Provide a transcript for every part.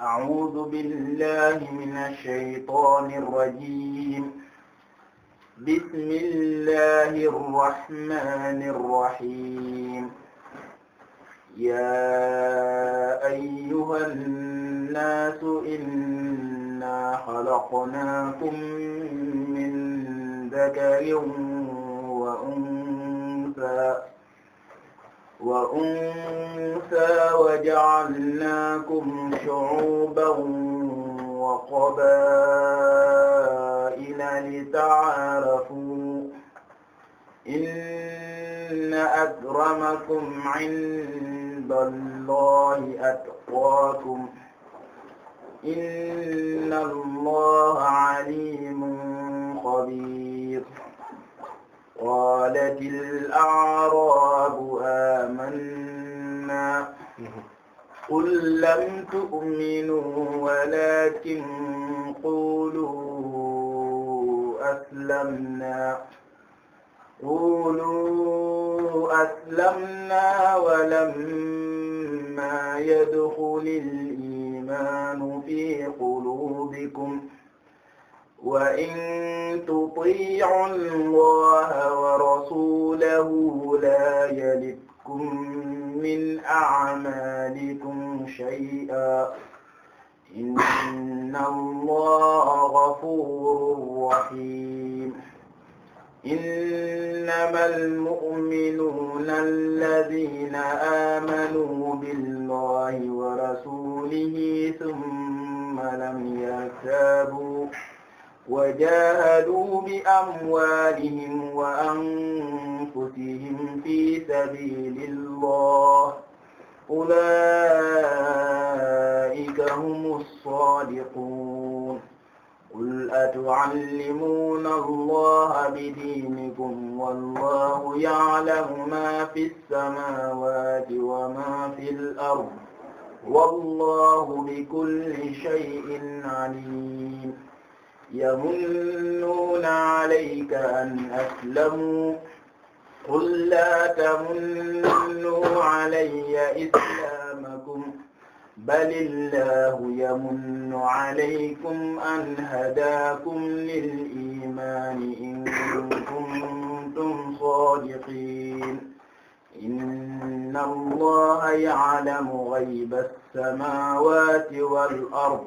أعوذ بالله من الشيطان الرجيم بسم الله الرحمن الرحيم يا أيها الناس إنا خلقناكم من ذكر وأنثى wa unsa wa ja'alnaakum shu'uban wa qabaa'ila lita'aarafu inna akramakum 'inda Allahi atqaakum inna Allaha 'aliimun khabiir قالت الأعراب آمنا قل لم تؤمنوا ولكن قولوا أسلمنا قولوا أسلمنا ولما يدخل الإيمان في قلوبكم وإن تطيعوا الله ورسوله لا يلدكم من أعمالكم شيئا إن الله غفور رحيم إنما المؤمنون الذين آمنوا بالله ورسوله ثم لم يرتابوا وجاهدوا بأموالهم وأنفسهم في سبيل الله أولئك هم الصادقون قل أتعلمون الله بدينكم والله يعلم ما في السماوات وما في الأرض والله بكل شيء عليم يمنون عليك أن أسلموا قل لا تمنوا علي إسلامكم بل الله يمن عليكم أن هداكم للإيمان إن كنتم صادقين إن الله يعلم غيب السماوات والأرض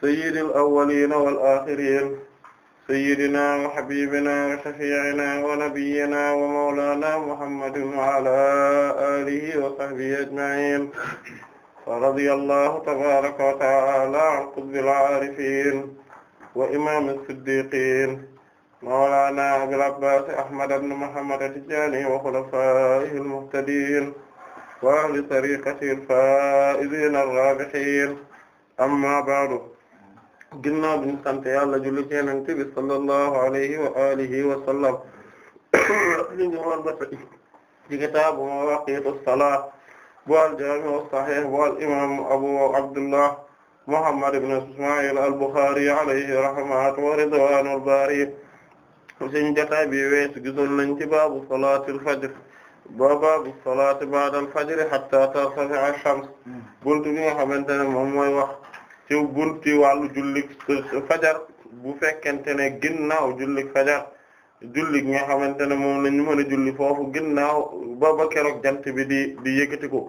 sayyidil awwaliina wal aaxiriin sayyidinaa wa habiibinaa wa shafii'inaa wa nabiyinaa wa mawlaanaa muhammadin wa alaa aalihi wa sahbihi ajma'iin wa radiyallaahu tabaaraka wa ta'aalaa an qutbil aarifiin wa imaamil siddiqiin mawlaanaa abil abbaas ahmad ibn muhammad at-tijaani wa xulafaa'ihil muhtadiin wa ahli tariiqatihil faa'iziinar raabihiin amma ba'du ginnaaw bi ñu sant yàlla julli ci yonent bi sallallahu alayhi wa alihi wa sallam li ñu war ba tey ci kitaabu mawaaqiitu salaat bu al-jaami' as-sahiih bu al-imaam abu abdullah muhammad ibn isma'il al-bukhari alayhi rahmatu wa ridwaanu al-baari suñu jotaay bi weesu gisoon nañ ci baabu salaatil fajr ba baabu salaati ba'dal fajr hatta tartafi'a ash-shams hmm. buntu bi nga xamante ne moom mooy wax. ci bunt ci wàllu jullik euh, fajar bu fekkente ne ginnaaw jullik fajar julli nga xamante ne moom la ñu mën a julli foofu ginnaaw ba ba keroog jant bi di di yëkkati ko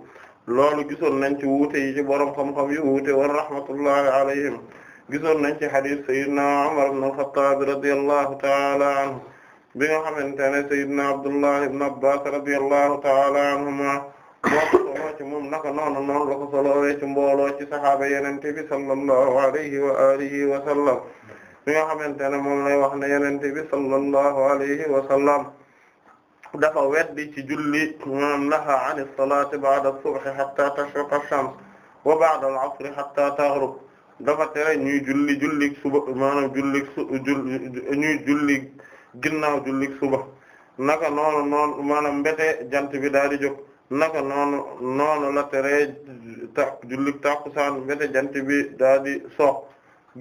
loolu gisoon nañ ci wuute yi ci borom xam yi yu wuute war rahmatullahi alayhim gisoon nañ ci hadith sayyidina Umar ibn al-Khattab radiyallahu ta'ala anhu bi nga xamante ne sayyidina Abdullah ibn Abbas radiyallahu ta'ala anhuma moo ko moom naka noonu noonu la ko solowee ci mbooloo ci sallallahu alayhi wa alihi wa xamante ne moom lay wax ne yenente bi sallallahu alayhi wa sallam dafa weddi ci julli maanaam naha an as-salaati ba'da as-subhi hatta tashriqa ash-shams wa ba'da al-'asri hatta taghrub dafa tere ñuy julli jullig suba julli ginnaaw jullig suba naka noonu noonu maanaam mbete jant bi daal di jóg naka noonu noonu la tere ta jullit takkusaan mbete jant bi daa di sox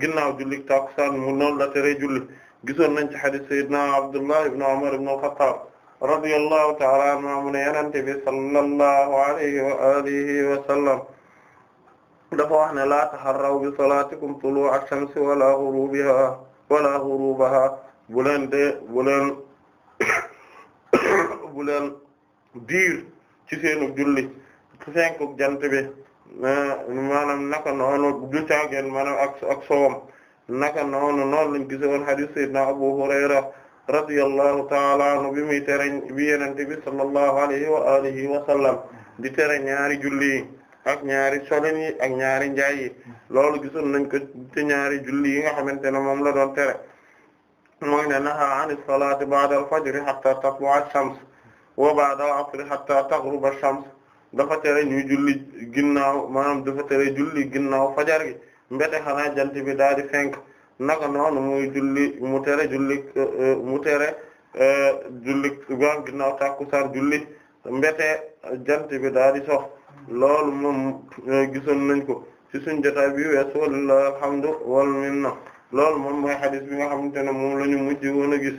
ginnaaw jullit takkusaan mu noonu la tere julli gisoon nañ ci hadith sayyidina Abdullah ibn Umar ibn al-Khattab radiyallahu ta'ala anhuma mu ne yenante bi sallallahu alayhi wa alihi wa sallam dafa wax ne la taharraw bi salatikum tulu'a ash-shamsi wala ghurubiha wala ghurubaha bu leen de bu leen bu leen diir ci seenu julli fenku jant bi maanaam naka noonu du caageen maanaam ak ak sowam naka noonu noonu lañ gise woon hadith sayyidina Abu Hurayra radiyallahu ta'ala bi muy tere bi yenente bi alayhi wa alihi wa sallam di tere ñaari julli ak ñaari solin ak ñaari njaay yi loolu gisoon nañ ko ci ñaari julli yi nga xamante ne moom la doon tere mooy ne naha an is-salati ba'da hatta tatlu'a shams wa ba'dal asri hatta taghruba ash-shams dafa tere ñuy julli ginnaaw maanaam dafa tere julli ginnaaw fajar gi mbete xanaa jant bi daal di fenk naka noonu muy julli mu tere julli mu tere eh, julli gaaw ginnaaw tàkkusaan julli mbete jant bi daal di sox loolu moom eh, gisoon nañ ko ci suñu jotaay bi weesu walillahi alhamdu wal minna loolu moom mooy xadis bi nga xamante ne moom la ñu a gis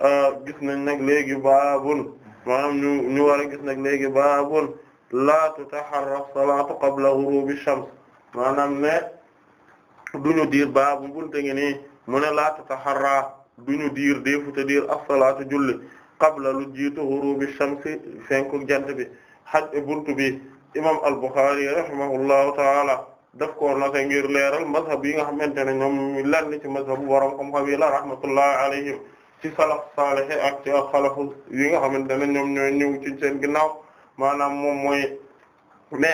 eh, gis nañ nag léegi baabun maanaam ñu ñu war a gis nag léegi baabun laa tutaharra salaatu qabla ghurubi shams maanaam ne duñu diir baabu bunte ngi mu ne laa tutaharra duñu diir deefuta diir as-salaatu julli qabla lu jiitu ghurubi shamsi fenku jant bi xaj buntu bi imam al-Bukhari rahimahullahu taala daf ko naka ngir leeral mazhab yi nga xamante ne ñoom lann ci mazhabu borom xam-xam yi la rahmatullahi alayhim ci salaf salih ak ci yi nga xamante ne ñoom ñooy ñëw ci seen ginnaaw maanaam moom mooy ne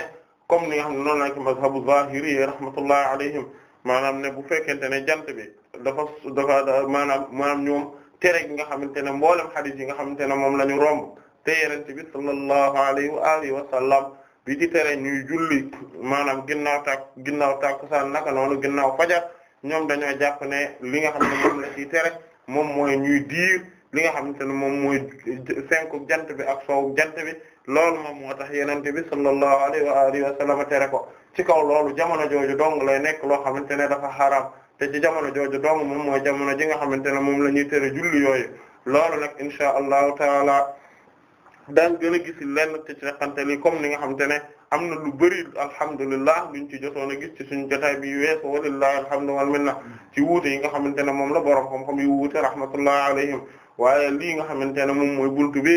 comme ni nga xam ne noonu la ci mazhabu zahiri yi rahmatullahi alayhim maanaam ne bu fekkente ne jant bi dafa dafa maanaam maanaam ñoom tere gi nga xamante ne mboolem xadis yi nga xamante ne moom la ñu romb te yenente bi sallallahu alayhi wa alihi wa sallam bi ci tere ñuy julli maanaam ginnaaw tak ginnaaw tàkkusaan naka noonu ginnaaw fajar ñoom dañoo jàpp ne li nga xam ne moom la tere moom mooy ñuy diir li nga xamante ne moom mooy fenku jant bi ak soowu jant bi loolu moom moo tax yenente bi sallallahu alayhi wa alihi wa sallam tere ko ci kaw loolu jamono jooju dong lay nekk loo xam ne dafa xaraam te ci jamono jooju dong moom mooy jamono ji nga xamante ne moom la ñuy tere julli yooyu loolu nag insha allahu taala daan gën a gis lenn ci ci xamante ni comme ni nga xamante ne am na lu bëri alhamdulilah luñ ci jotoon a gis ci suñu jotaay bi weesu walillahi alhamdu wal minna ci wuute yi nga xamante ne moom la borom xam-xam yu wuute rahmatullah alayhim waaye lii nga xamante ne moom mooy buntu bi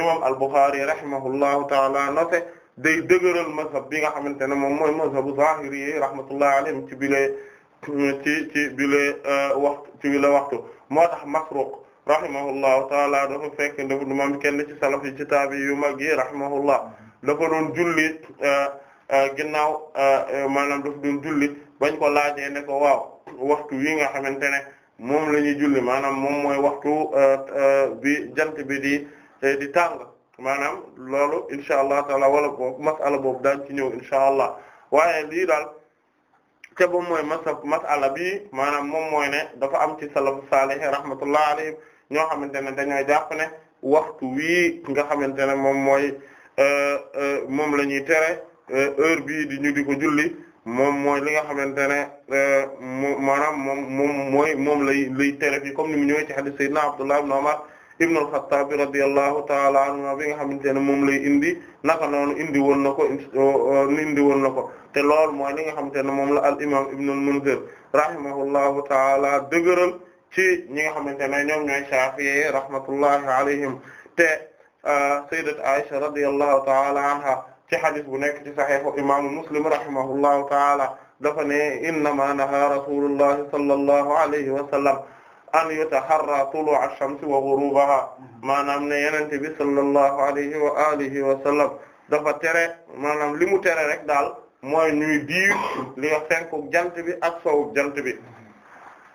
imam al-Bukhari rahimahullahu taala note day dëgëral mazhab bi nga xamante ne moom mooy mazhabu zahiri yi rahmatullah alayhim ci bile ci ci bile euh, waxtu ci bile waxtu moo tax Masruq rahimahullahu taala dafa fekk ndef du ci salaf yi ci taabi yu mag yi rahimahullah dafa doon julli eh, eh, ginnaaw eh, maanaam dafa doon bañ ko laajee ne ko waaw waxtu wi nga xamante ne moom lañuy ñuy julli maanaam moom mooy waxtu bi jant bi di di tàng maanaam loolu incha allah taala wala boobu masala boobu daal ci ñëw incha allah waaye lii daal ke boobu mooy masa masala bi maanaam moom mooy ne dafa am ci salafu saalihi rahmatullah alayhim ñoo xamante ne dañoo jàpp ne waxtu wii nga xamante ne moom mooy Euh, euh, moom la ñuy tere euh, heure bii di ñu di ko julli moom mooy li nga xamante ne moom maanaam moom moom mooy moom lay lay tere fi comme ni mu ñëwee ci hadith Seydina Abdullah ibn Umar ibn al-Khattab radiyallahu ta'ala anhu bi nga xamante ne moom lay indi naka noonu indi woon na ko indi woon na ko te loolu mooy li nga xamante ne moom la al imam ibn al-Munzir rahimahullahu ta'ala dëgëral ci ñi nga xamante ne ñoom ñooy Shafi'i rahmatullahi alayhim te sayyidat Aisha radiyallahu ta'ala anha ci hadith bu nekk ci sahihu imaamu Muslim rahimahullahu ta'ala dafa ne innama naha rasulullahi sallallahu alayhi wa sallam an yutaharra tulu' ash-shams wa ghurubaha maanaam ne yenente bi sallallahu alayhi wa alihi wa sallam dafa tere maanaam li mu tere rek daal mooy ñuy diir li nga fenku jant bi ak sowu jant bi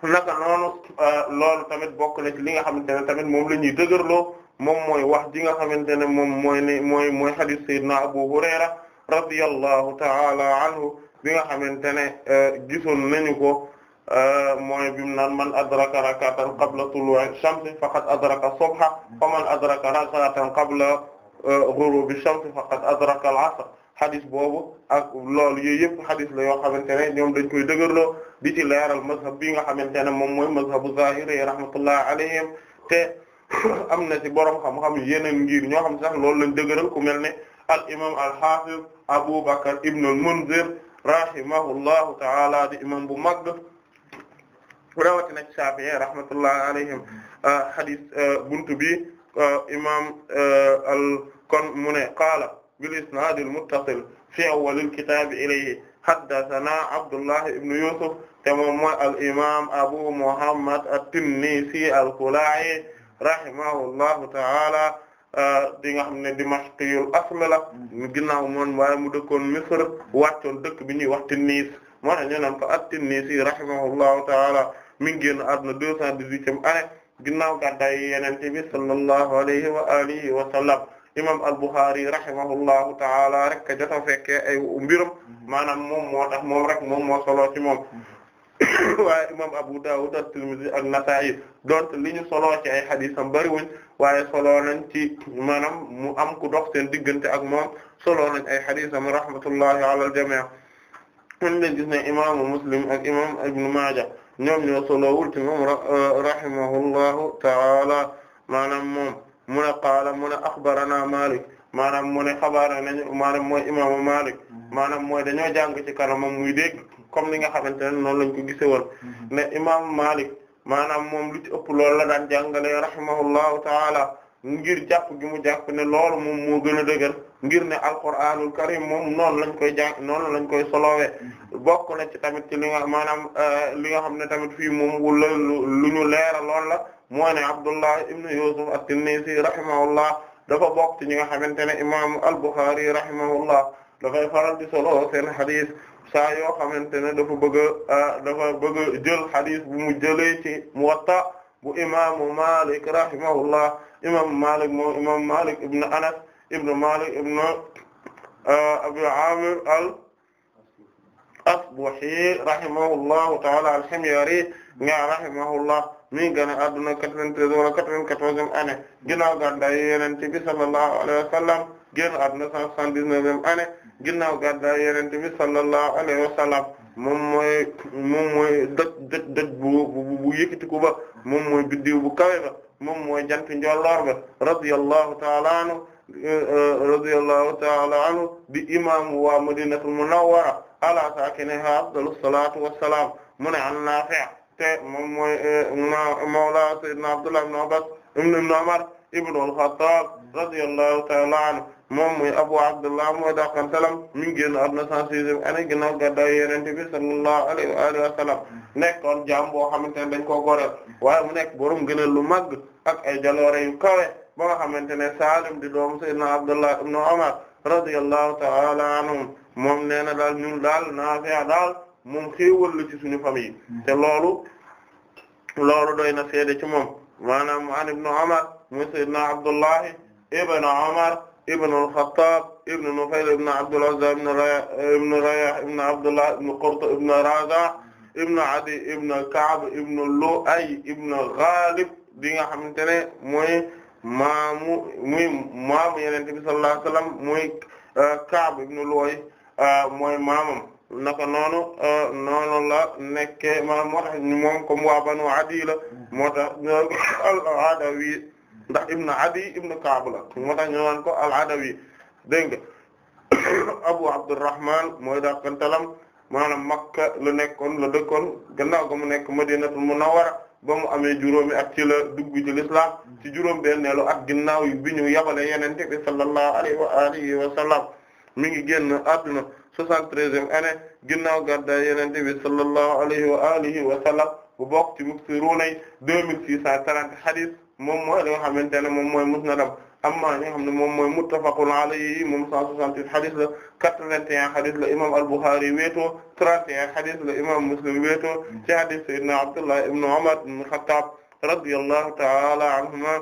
naka noonu euh, loolu tamit bokk na ci li nga xamante ne tamit moom la ñuy dëgërloo moom mooy wax ji nga xamante ne moom mooy ne mooy mooy hadith sayyidina Abu Hurayra radiyallahu ta'ala anhu bi nga xamante ne euh, gisoon nañu ko euh, mooy bimu naan man adraka rak'atan qabla tulu'i shamsi faqad adraka subha wa man adraka rak'atan qabla euh, ghurubi shamsi faqad adraka al-'asr xadis boobu ak loolu yooyu yëpp xadis la yoo xamante ne ñoom dañ koy dëgërloo di ci leeral mazhab bi nga xamante ne moom mooy mazhabu zahiri rahmatullahi alayhim te am na ci borom xam-xam yeneen ngir ñoo xam sax loolu lañ dëgëral ku mel ne al imam al hafiz Abu Bakr ibn al Munzir rahimahullahu ta'ala di imam bu mag rawatina ci Shafi'i rahmatullahi alayhim ah, hadith ah, buntu bi ah, imam al kon mu ne qaala bil isnad al muttasil fi awwal al kitab ilayhi haddathana Abdullah ibn Yusuf te moom mooy al imam Abu Muhammad at-Tinnisi al-Khula'i rahimahullahu ta'ala euh, di nga xam ne dimashqiyul asl la mu mm. ginnaaw moom waaye mu dëkkoon Misr wàccoon dëkk bi ñuy wax Tinnis moo tax ñu naan ko at-Tinnisi rahimahullahu ta'ala mi ngi génn àdduna deux cent dix-huitième année ginnaaw gàddaay Yonent bi sallallahu alayhi wa alihi wa sallam imam al-Bukhari rahimahullahu ta'ala rek ka jot a fekkee ay mbiram mm-hmm. maanaam moom moo tax moom rek moom moo solo ci moom mm-hmm. waaye imam Abu Dawud at-Tirmidhi ak Nasa'i donc li ñu solo ci ay xadisam bariwuñ waaye solo nañ ci maanaam mu am ku dox seen diggante ak moom solo nañ ay xadisam rahmatullahi ala al-jami' mun ak imam Ibn Maaja ñoom ñoo solowul ci moom rahimahullahu ta'ala maanaam moom mu ne qaala mu ne axbarana Malik maanaam mu ne xabaara nañu maanaam mooy dañoo jàng ci kanamam muy dégg comme li nga xamante ne noonu lañ ko gisee woon mhm. ne imaamu Malik maanaam moom lu ci ëpp loolu la daan jàngale rahimahullahu taala ngir jàpp gi mu jàpp ne loolu moom moo gën a dëgër ngir ne alquraanul karim moom noonu lañ koy jàng noonu lañ koy solowee mhm. bokk na ci tamit ci li nga maanaam euh, li nga xam ne tamit fii moom wala lu ñu leera loolu la moo ne Abdullah ibnu Yusuf at-Tinnisi rahimahullah dafa bokk ci ñi nga xamante ne imaamu al-Bukhari rahimahullah dafay faral di solo seen hadith saa yoo xamante ne dafa bëgg a dafa bëgg a bu mu jëlee ci Muwatta bu imaamu Malik rahimahullah imaamu Malik moom imaamu Anas ibn Malik ibn Abi Amir al-Asbahi rahimahullahu ta'ala al-Himyari nga mi ngi gën a adduna 93 wala 94e sallallahu alayhi wa sallam génn adduna 179e année ginnaaw gàddaay Yonent bi sallallahu alayhi wa sallam moom mooy moom mooy doj doj doj bu bu bu yëkkatiku ba moom mooy biddiw bu kawe ba moom mooy jant njolloor ba radiyallahu ta'ala anhu eh, eh, radiyallahu ta'ala anhu di imaamu waa Madinatul Munawwara ala saakinihaa afdalu salaatu wa salaam mu ne an Naafi' te moom mooy eh, mawla sayyidina Abdullah ibn Abbas ibn Umar ibn al-Khattab radiyallahu ta'ala anhu moom muy Abu Abdullah mooy dàqantalam mi ngi génn àdduna 106e année ginnaaw gàddaay Yonent bi sallallahu alayhi wa alihi wa sallam nekkoon jaam boo xamante ne dañ koo goreel waaye mu nekk borom gënal lu màgg ak ay jaloore yu kawe ba nga xamante ne Saalim di doomu Sayyidina Abdullah ibn Umar radiyallahu ta'ala anhum moom nee na daal ñun daal Naafi' daal moom xéewal la ci suñu famille te loolu loolu doy na seede ci moom maanaam an ibn Umar muy Sayyidina Abdullah ibn Umar ibn al-Khattab ibn Nufayl ibn Abdul Uzza ibn Rayah ibn Abdullah ibn Qurt ibn Raza' ibn Adi ibn Ka'b ibn Lu'ay ibn Ghalib bi nga xamante ne mooy maamu muy maamu Yonent bi sallallahu alayhi wasallam muy euh, Ka'b ibn Lu'ay euh, mooy maamam naka noonu euh, noonu la nekke maanaam moo tax moom comme waa Banu Adi la moo tax al-Adawi ndax ibnu adi ibnu Kaab la moo tax ñu naan ko al-Adawi dégg nga Abu Abdurrahman mooy daa Makka la nekkoon la dëkkoon gannaaw ga mu nekk Madinatul Munawwara ba mu amee juróomi ak ci la dugg ci l'islam ci juróom benneelu ginnaaw bi ñu yabale yenente bi sallallahu alayhi wa alihi wa ngi génn àdduna soixante-treizième année ginnaaw gàddaay yenente bi sallallahu alayhi wa alihi moom mooy li nga xamante ne moom mooy musnadam amma li nga xam ne moom mooy muttafaqun alayhi moom 168 hadith la 81 hadith la imam al-Bukhari weetoo 31 hadith la imam Muslim weetoo ci hadith sayyidina Abdullah ibn Umar ibn Khattab radiyallahu ta'ala anhuma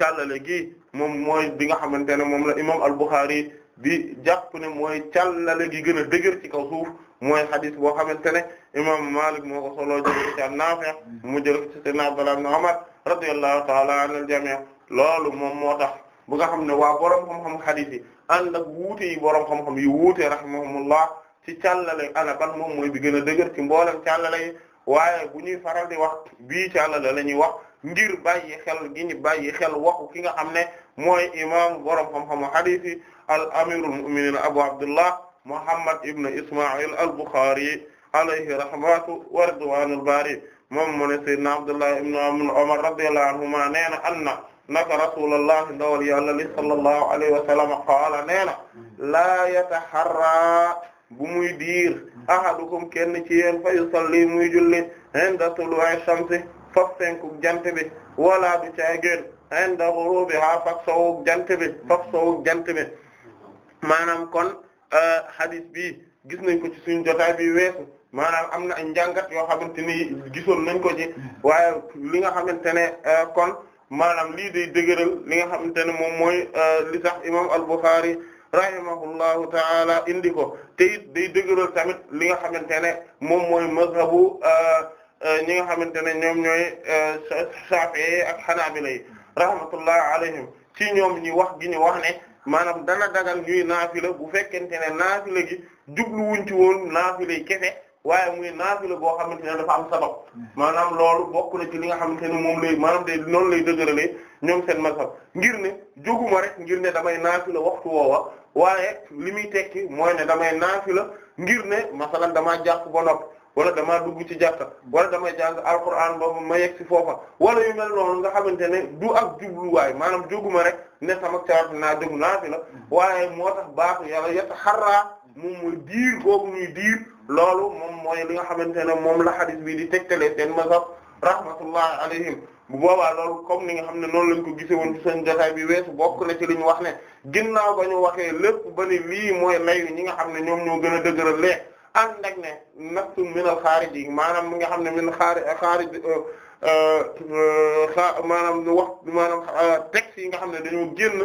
càllale gi moom mooy bi nga xamante ne moom la imam al-Bukhari bi jàpp ne mooy càllale gi gën a dëgër ci kaw suuf mooy hadith boo xamante imam Malik moo ko solo jël ci Naafi' mu jël ci sayyidina Abdullah ibn Umar radiyallahu ta'ala anil jami' loolu moom moo tax bu nga xam ne waa borom xam-xam hadith yi ànd yi borom xam-xam yi wuute rahimahumullah ci càllale ana ban moom mooy bi gën a dëgër ci mboolem càllale yi waaye bu ñuy faral di wax bi càllale la ñuy wax ngir bàyyi xel gi ñu bàyyi xel waxu ki nga xam ne mooy imam borom xam-xamu hadith yi al amirul mu'minin abu abdullah muhammad ibn isma'il al bukhari alayhi wa ridwanul bari moom na Abdullah ibn Umar radiyallahu anhuma nee na anna naka rasulullah ndawal yàlla li sallallahu alayhi wa sallam qaala yataharra bu muy diir ahadukum kenn ci yéen fa yusalli muy julli inda tulu'i shamsi fa fenku jant bi wala du caagéen inda ghurubiha fa sowu jant bi fa sowu jant bi maanaam kon euh, hadith bi gis nañ ci suñu jotaay bi weesu maanaam am na ay njàngat yoo xamante ni gisoon nañ ko ci waaye li nga xamante ne euh, kon maanaam lii day dëgëral li nga xamante ne moom mooy euh, li tax imam al-Bukhari rahimahullahu taala indi ko te it day dëgëral tamit li nga xamante ne moom mooy mazhabu euh, ñi nga xamante ne ñoom ñooy Shafi'i ak Hanabila yi rahmatullahi alayhim ci ñoom ñi wax gi ñu wax ne maanaam dana dagal ñuy naafila bu fekkente ne naafila gi jubluwuñ ci woon naafila yi kese waaye muy naafila boo xamante ne dafa am sabab hmm. maanaam loolu bokk na ci li nga xamante ne moom lay maanaam day noon lay dëgëralee ñoom seen masab ngir ne jóguma rek ngir ne damay naafila waxtu woowa waaye li muy tekki mooy ne damay naafila ngir ne masalan damaa jàpp ba wala damaa dugg ci jàkka wala damay jàng alquran boobu ma yegg si foofa wala yu mel noonu nga xamante ne du ak jubluwaay maanaam jóguma rek ne sama carat naa jóg naafila hmm. waaye moo tax baaxu yàlla yetta xarraa moom mooy diir boobu ñuy diir loolu moom mooy li nga xamante ne moom la hadith bii di tegtale seen mazhab rahmatullahi alayhim bu boobaa loolu comme ni nga xam ne noonu lañ ko gise woon ci seen jotaay bi weesu bokk na ci li ñu wax ne ginnaaw ba ñu waxee lépp ba ni lii mooy layu ñi nga xam ne ñoom ñoo gën a dëgëral lee ànd ak ne nafsun min al xaarij yi maanaam mi nga xam ne min xaari xaarij euh, euh, maanaam wax maanaam euh, texte yi nga xam ne dañoo génn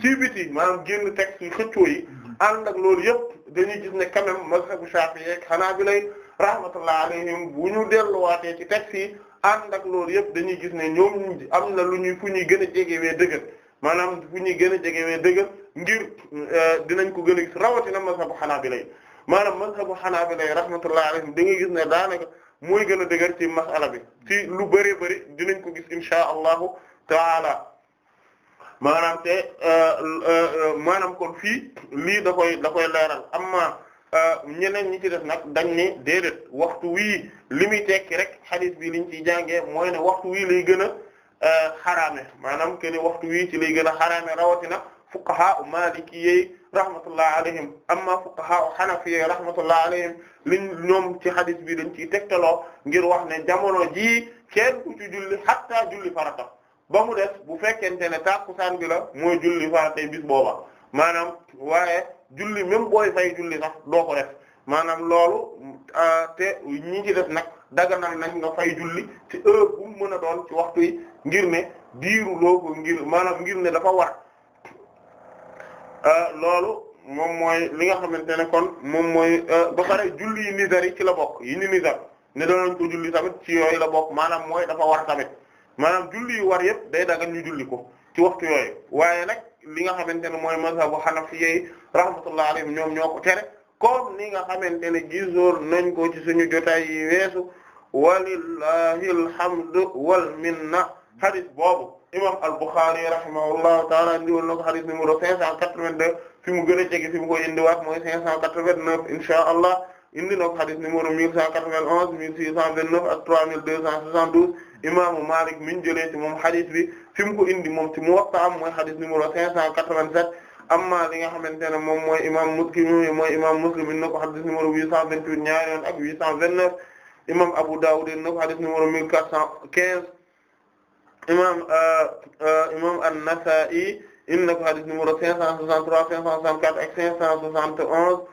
ci biti maanaam génn texte yi xëccoo yi ànd ak loolu yëpp dañuy jis ne quand même mazhabu Shafi'i ak Hanabila rahmatullah alayhim bu ñu delluwaatee ci texte yi ànd ak loolu yëpp dañuy gis ne ñoom ñu am na lu ñuy fu ñu gën a jegewee dëgër maanaam fu ñuy gën a jegewee dëgër ngir euh, dinañ ko gën a gis rawatina mazhabu Hanabila maanaam mazhabu Hanabila rahmatullah alayhim da ngay gis ne daanaka mooy gën a dëgër ci masala bi ci lu bëree bëri dinañ ko gis insha allahu taala maanaam te euh, euh, euh, maanaam kon fii lii da koy da koy leeral amma ñeneen ñi ci def nag dañ ne déedéet waxtu wii li muy tekki rek hadith bi liñ ciy jàngee mooy ne waxtu wii lay gën a xaraame maanaam ke waxtu wii ci lay gën a xaraame rawatina fuqaha u maalikiyyi rahmatullah alayhim amma fuqaha u hanafiyyi rahmatullah alayhim liñ ñoom ci hadith bi dañ ciy tegtaloo ngir wax ne jamono jii kenn ku ci julli hatta julli farata ba mu def bu fekkente ne tàkkusaan bi la mooy julli faratay bis booba maanaam waaye julli même booy fay julli sax doo ko def maanaam loolu ah, te ñi ci def nag daganal nañ nga fay julli ci heure bu mën a doon ci waxtu yi ngir ne diiru loo ko ngir maanaam ngir ne dafa war ah, loolu moom mooy li nga xamante ne kon moom mooy ah, ba pare julli yi nizar yi ci la bokk yi ni nizar ne doonañ ko julli tamit ci yooyu la bokk maanaam mooy dafa war tamit maanaam julli yu war yëpp day dagan ñu julli ko ci waxtu yooyu waaye nag li nga xamante ne mooy mazhabu hanafiyyi rahmatullahi alayhim ñoom ñoo ko tere comme ni nga xamante ne gisoor nañ ko ci suñu jotaay yi weesu walillahi alhamdu wal minna hadith boobu imam al-Bukhari rahimahullahu taala indi woon na ko hadith numéro 582 fi mu gën a jege fi mu koy indiwaat mooy 589 insha allah indi na ko xadis numéro 1191 1629 ak 3272 imaamu Malik mi ñu jëlee ci moom xadis bi fi mu ko indi moom ci Muwatta am mooy xadis numéro 587 amma li nga xamante ne moom mooy imaam Muslim mooy imaam Muslim indi na ko xadis numéro 828 ñaari yoon ak 829 imaam Abu Dawud indi na ko xadis numéro 1415 imaam euh, euh, imaam An-Nasa'i indi na ko xadis numéro 563 564 ak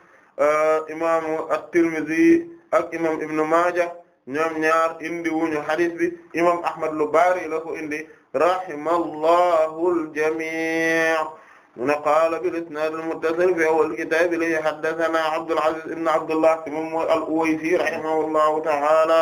571. Euh, imaamu at-Tirmidhi ak imam Ibn Maaja ñoom ñaar indi wuñu hadis bi imam Ahmad lu bari la ko indi rahimallahu al-jamii' mu ne qaala bil-isnaad al-muttasil fi awwal kitaab li haddathanaa Abdul Aziz ibn Abdullah moom mooy al-Uwaysi rahimahullahu ta'ala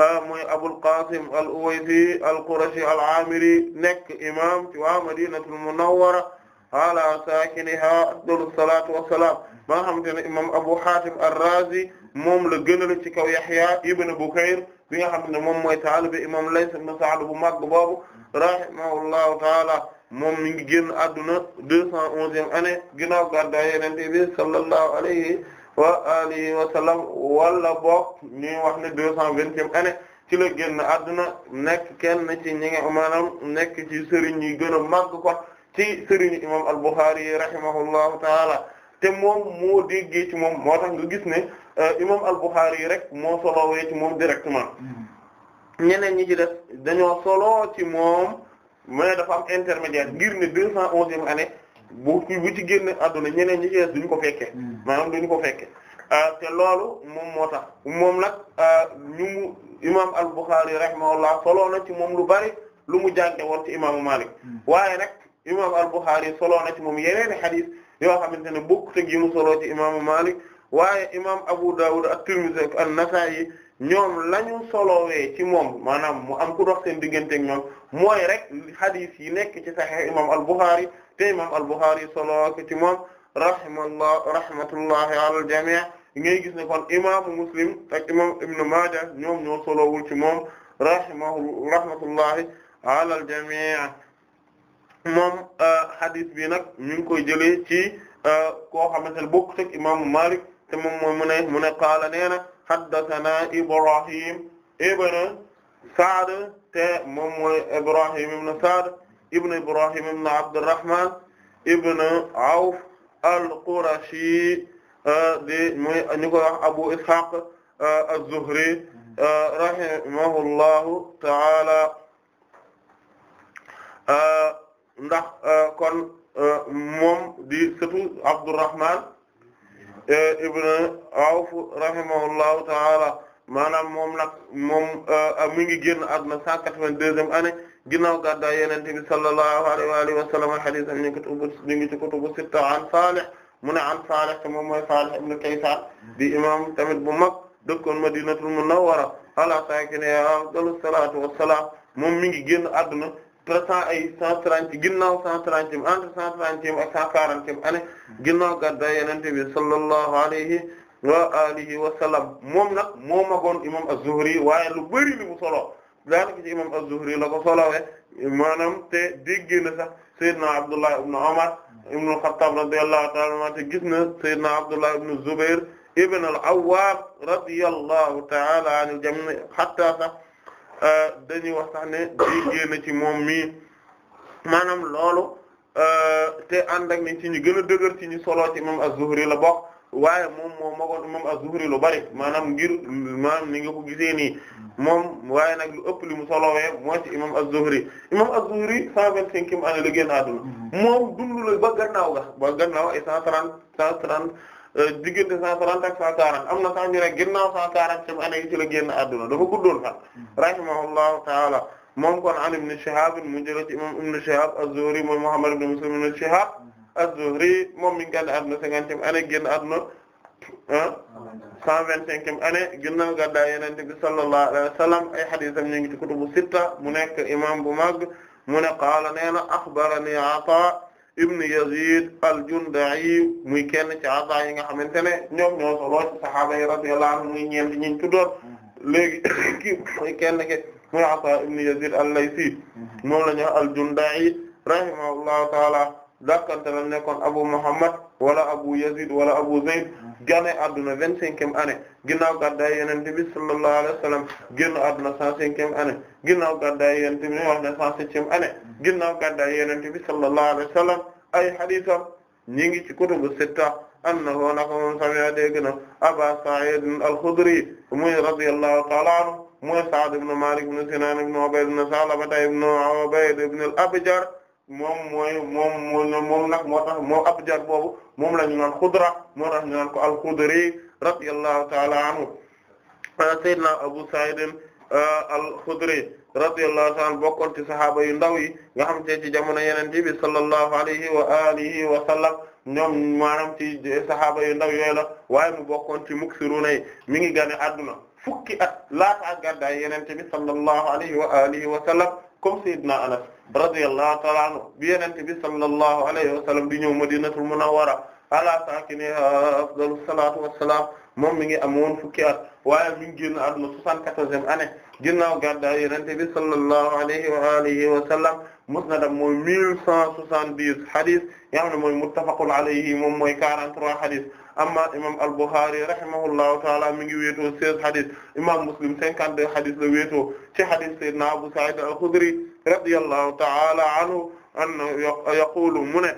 euh, mooy Abul Qaasim al-Uwaysi al-Qurashi al-Aamiri nekk imaam ci waa Madinatul Munawwara ala saakinihaa afdalu salaatu wa salaam ba nga xamante ne imam Abu Hatim ar-Razi moom la gënal ci kaw Yahya ibn Bukayr bi nga xam ne moom mooy taalibe imam Layth ibn Sa'd bu mag boobu rahimahullahu taala moom mi ngi génn adduna deux cent onzième année ginnaaw gàddaay Yonent bi sallallahu alayhi wa alihi wa sallam wala boog ñuy wax ne deux cent vingtième année ci la génn adduna nekk kenn ci ñi nga maanaam nekk ci sëriñ yi gën a màgg ko ci sëriñ imam al-Bukhari rahimahullahu taala te moom moo déggee ci moom moo tax nga gis ne euh, imam al-Bukhari yi rek moo solowee ci moom directement mm-hmm. ñeneen ñi ci def dañoo solo ci moom mais dafa am intermédiaire ngir ne deux cent onzième année bu bu ci génn àdduna ñeneen ñi ci def ko fekkee mm-hmm. maanaam duñu ko fekkee euh, te loolu moom moo tax moom nag euh, ñu mu imam al-Bukhari rahimahullah solo na ci moom lu bari lu mu jànge woon ci imaamu Malik mm-hmm. waaye nag imam al-Bukhari solo na ci moom yeneen i hadith yoo xamante ne bokk te gi mu solo ci imaamu Malik waaye imaam Abu Dawud at-Tirmidhi ak an-Nasa'i ñoom lañu solowee ci moom maanaam mu am ku dox seen diggante ak ñoom mooy rek hadith yi nekk ci Sahih imam al-Bukhari te imam al-Bukhari soloo ko ci moom rahimallah rahmatullahi ala al-jami' ngay gis ne kon imaamu Muslim ak imam Ibn Maaja ñoom ñoo solowul ci moom rahimahu rahmatullahi ala moom euh, hadith bi nag ñu ngi koy jëlee ci euh, koo xamante ne bokkut ak imaamu Malik te moom mooy mu ne mu ne qaala nee na haddathana Ibrahim ibn Sa'd te moom mooy Ibrahim ibn Sa'd ibn Ibrahim ibn Abdurrahman ibn Awf al-Qurashi euh, di muy ñu koy wax Abu Ishaq az-Zuhri rahimahullahu ta'ala ndax euh, kon euh, moom di sëtu Abdurrahman euh, ibn Awf rahimahullahu ta'ala maanaam moom nag moom mi ngi génn àdduna 182e année ginnaaw gàddaay Yonent bi sallallahu alayhi wa alihi wa sallam hadith am ñu ngi ko ñu ngi ci kutubu an Salih mu ne an Salih te moom mooy Salih ibn Kaysan di imam tamit bu mag dëkkoon Madinatul Munawwara ala saakinihaa afdalu salaatu wassalaam moom mi ngi génn àdduna cent ay cent trentième ginnaaw cent trentième entre cent trentième ak cent quarantième année ginnaaw gàddaay yenente bi sallallahu alayhi wa alihi wa sallam moom nag imam az-Zuhri waaye lu bari li mu solo daanaka ci imam az-Zuhri la ko solowee maanaam te dégg na sax Seydina Abdullah ibn Umar ibn al-Khattab radiyallahu ta'ala anhu te Abdullah ibn Zubair ibn al-Awwam radiyallahu ta'ala anhu jami hatta sax Euh, dañuy wax sax ne day génn ci moom mii maanaam loolu euh, te ànd ak ni ci ñu gën a dëgër ci ñu solo ci imam az-Zuhri la bokk waaye moom moo magoon moom az-Zuhri lu bari maanaam ngir maanaam ni nga ko gisee nii moom waaye nag lu ëpp li mu solowee moo ci imam az-Zuhri imam az-Zuhri cent vingt cinquième année la génn àdduna mm-hmm. moom dund la ba gannaaw ga ba gannaaw ay cent trente cent trente Euh, diggante cent trente ak am na sax ñu ne ginnaaw cent quarantième année yi ci la génn adduna dafa guddoon fan mm-hmm. rahimahullahu taala moom kon an ibn Shihab mu jël ci imam ibn Shihab az-Zuhri moom mm-hmm. mi ngi adduna cinquantième année génn adduna cent vingt-cinquième année ginnaaw gàddaay Yonent bi sallallahu alayhi wa sallam ay hadiisam ñu ngi ci kutubu sitta mu nekk imam bu mag mu ne qaala nee na axbarani Ataa ibn Yazid al-Junda'i muy kenn ci aba yi nga xamante ne ñoom ñoo solo ci sahaaba yi radiyallahu anhum muy ñeent ñiñ tuddoon mm-hmm. léegi muy kenn ki muy Ata ibn Yazid al-Laysi mm-hmm. moom la ñu al-Junda'i rahimahullahu ta'ala dàkkante la nekkoon Abu Muhammad wala Abu Yazid wala Abu Zayd mm-hmm. gane adduna vingt-cinquième année ginnaaw gàddaay Yonent bi sallallahu alayhi wa sallam génn adduna cent cinquième année ginnaaw gàddaay Yonent bi wax ne cent septième ginnaaw gàddaay yonent bi sallallahu alayhi wa sallam ay haditham ñi ngi ci kutubu sitta annahu naka moom sami'a dégg na Aba Sa'id al-Khudri muy radiyallahu ta'ala anhu muy Sa'd ibn Malik ibn Sinan ibn Ubayd ibn Sa'laba ibn Ubayd ibn al-Abjar moom mooy moom moom nag moo tax moom Abjar boobu moom la ñu naan Khudra moo tax ñu naan ko al-Khudri radiyallahu ta'ala anhu sayyidina Abu Sa'id euh, al-Khudri radiyallahu ta'ala bokkoon ci sahaaba yu ndaw yi nga xam te ci jamono yeneen bi sallallahu alayhi wa alihi wa sallam ñoom maanaam ci sahaaba yu ndaw yooyu la waaye mu bokkoon ci muksiruna yi mi ngi gane adduna fukki at laata gàddaay yeneen bi sallallahu alayhi wa alihi wa sallam comme sayyidina Anas radiyallahu ta'ala anhu bi yeneen bi sallallahu alayhi wa sallam di ñëw Madinatul Munawwara ala saakiniha afdalu salaatu wassalaam moom mi ngi amoon fukki at waaye mi ngi génn adduna soixante-quatorzième année ginnaaw gàddaay Yonent bi sallallahu alayhi wa alihi wa sallam musnadam mooy mille cent soixante-dix hadith nga xam ne mooy muttafaqun alayhi moom mooy quarante-trois hadith amma imam al-Bukhari rahimahullahu taala mi ngi wéetoo seize hadith imam Muslim cinquante-deux hadith la wéetoo ci hadith sayyidina Abu Sa'id al-Khudri radiyallahu taala anhu an yaqulu mu ne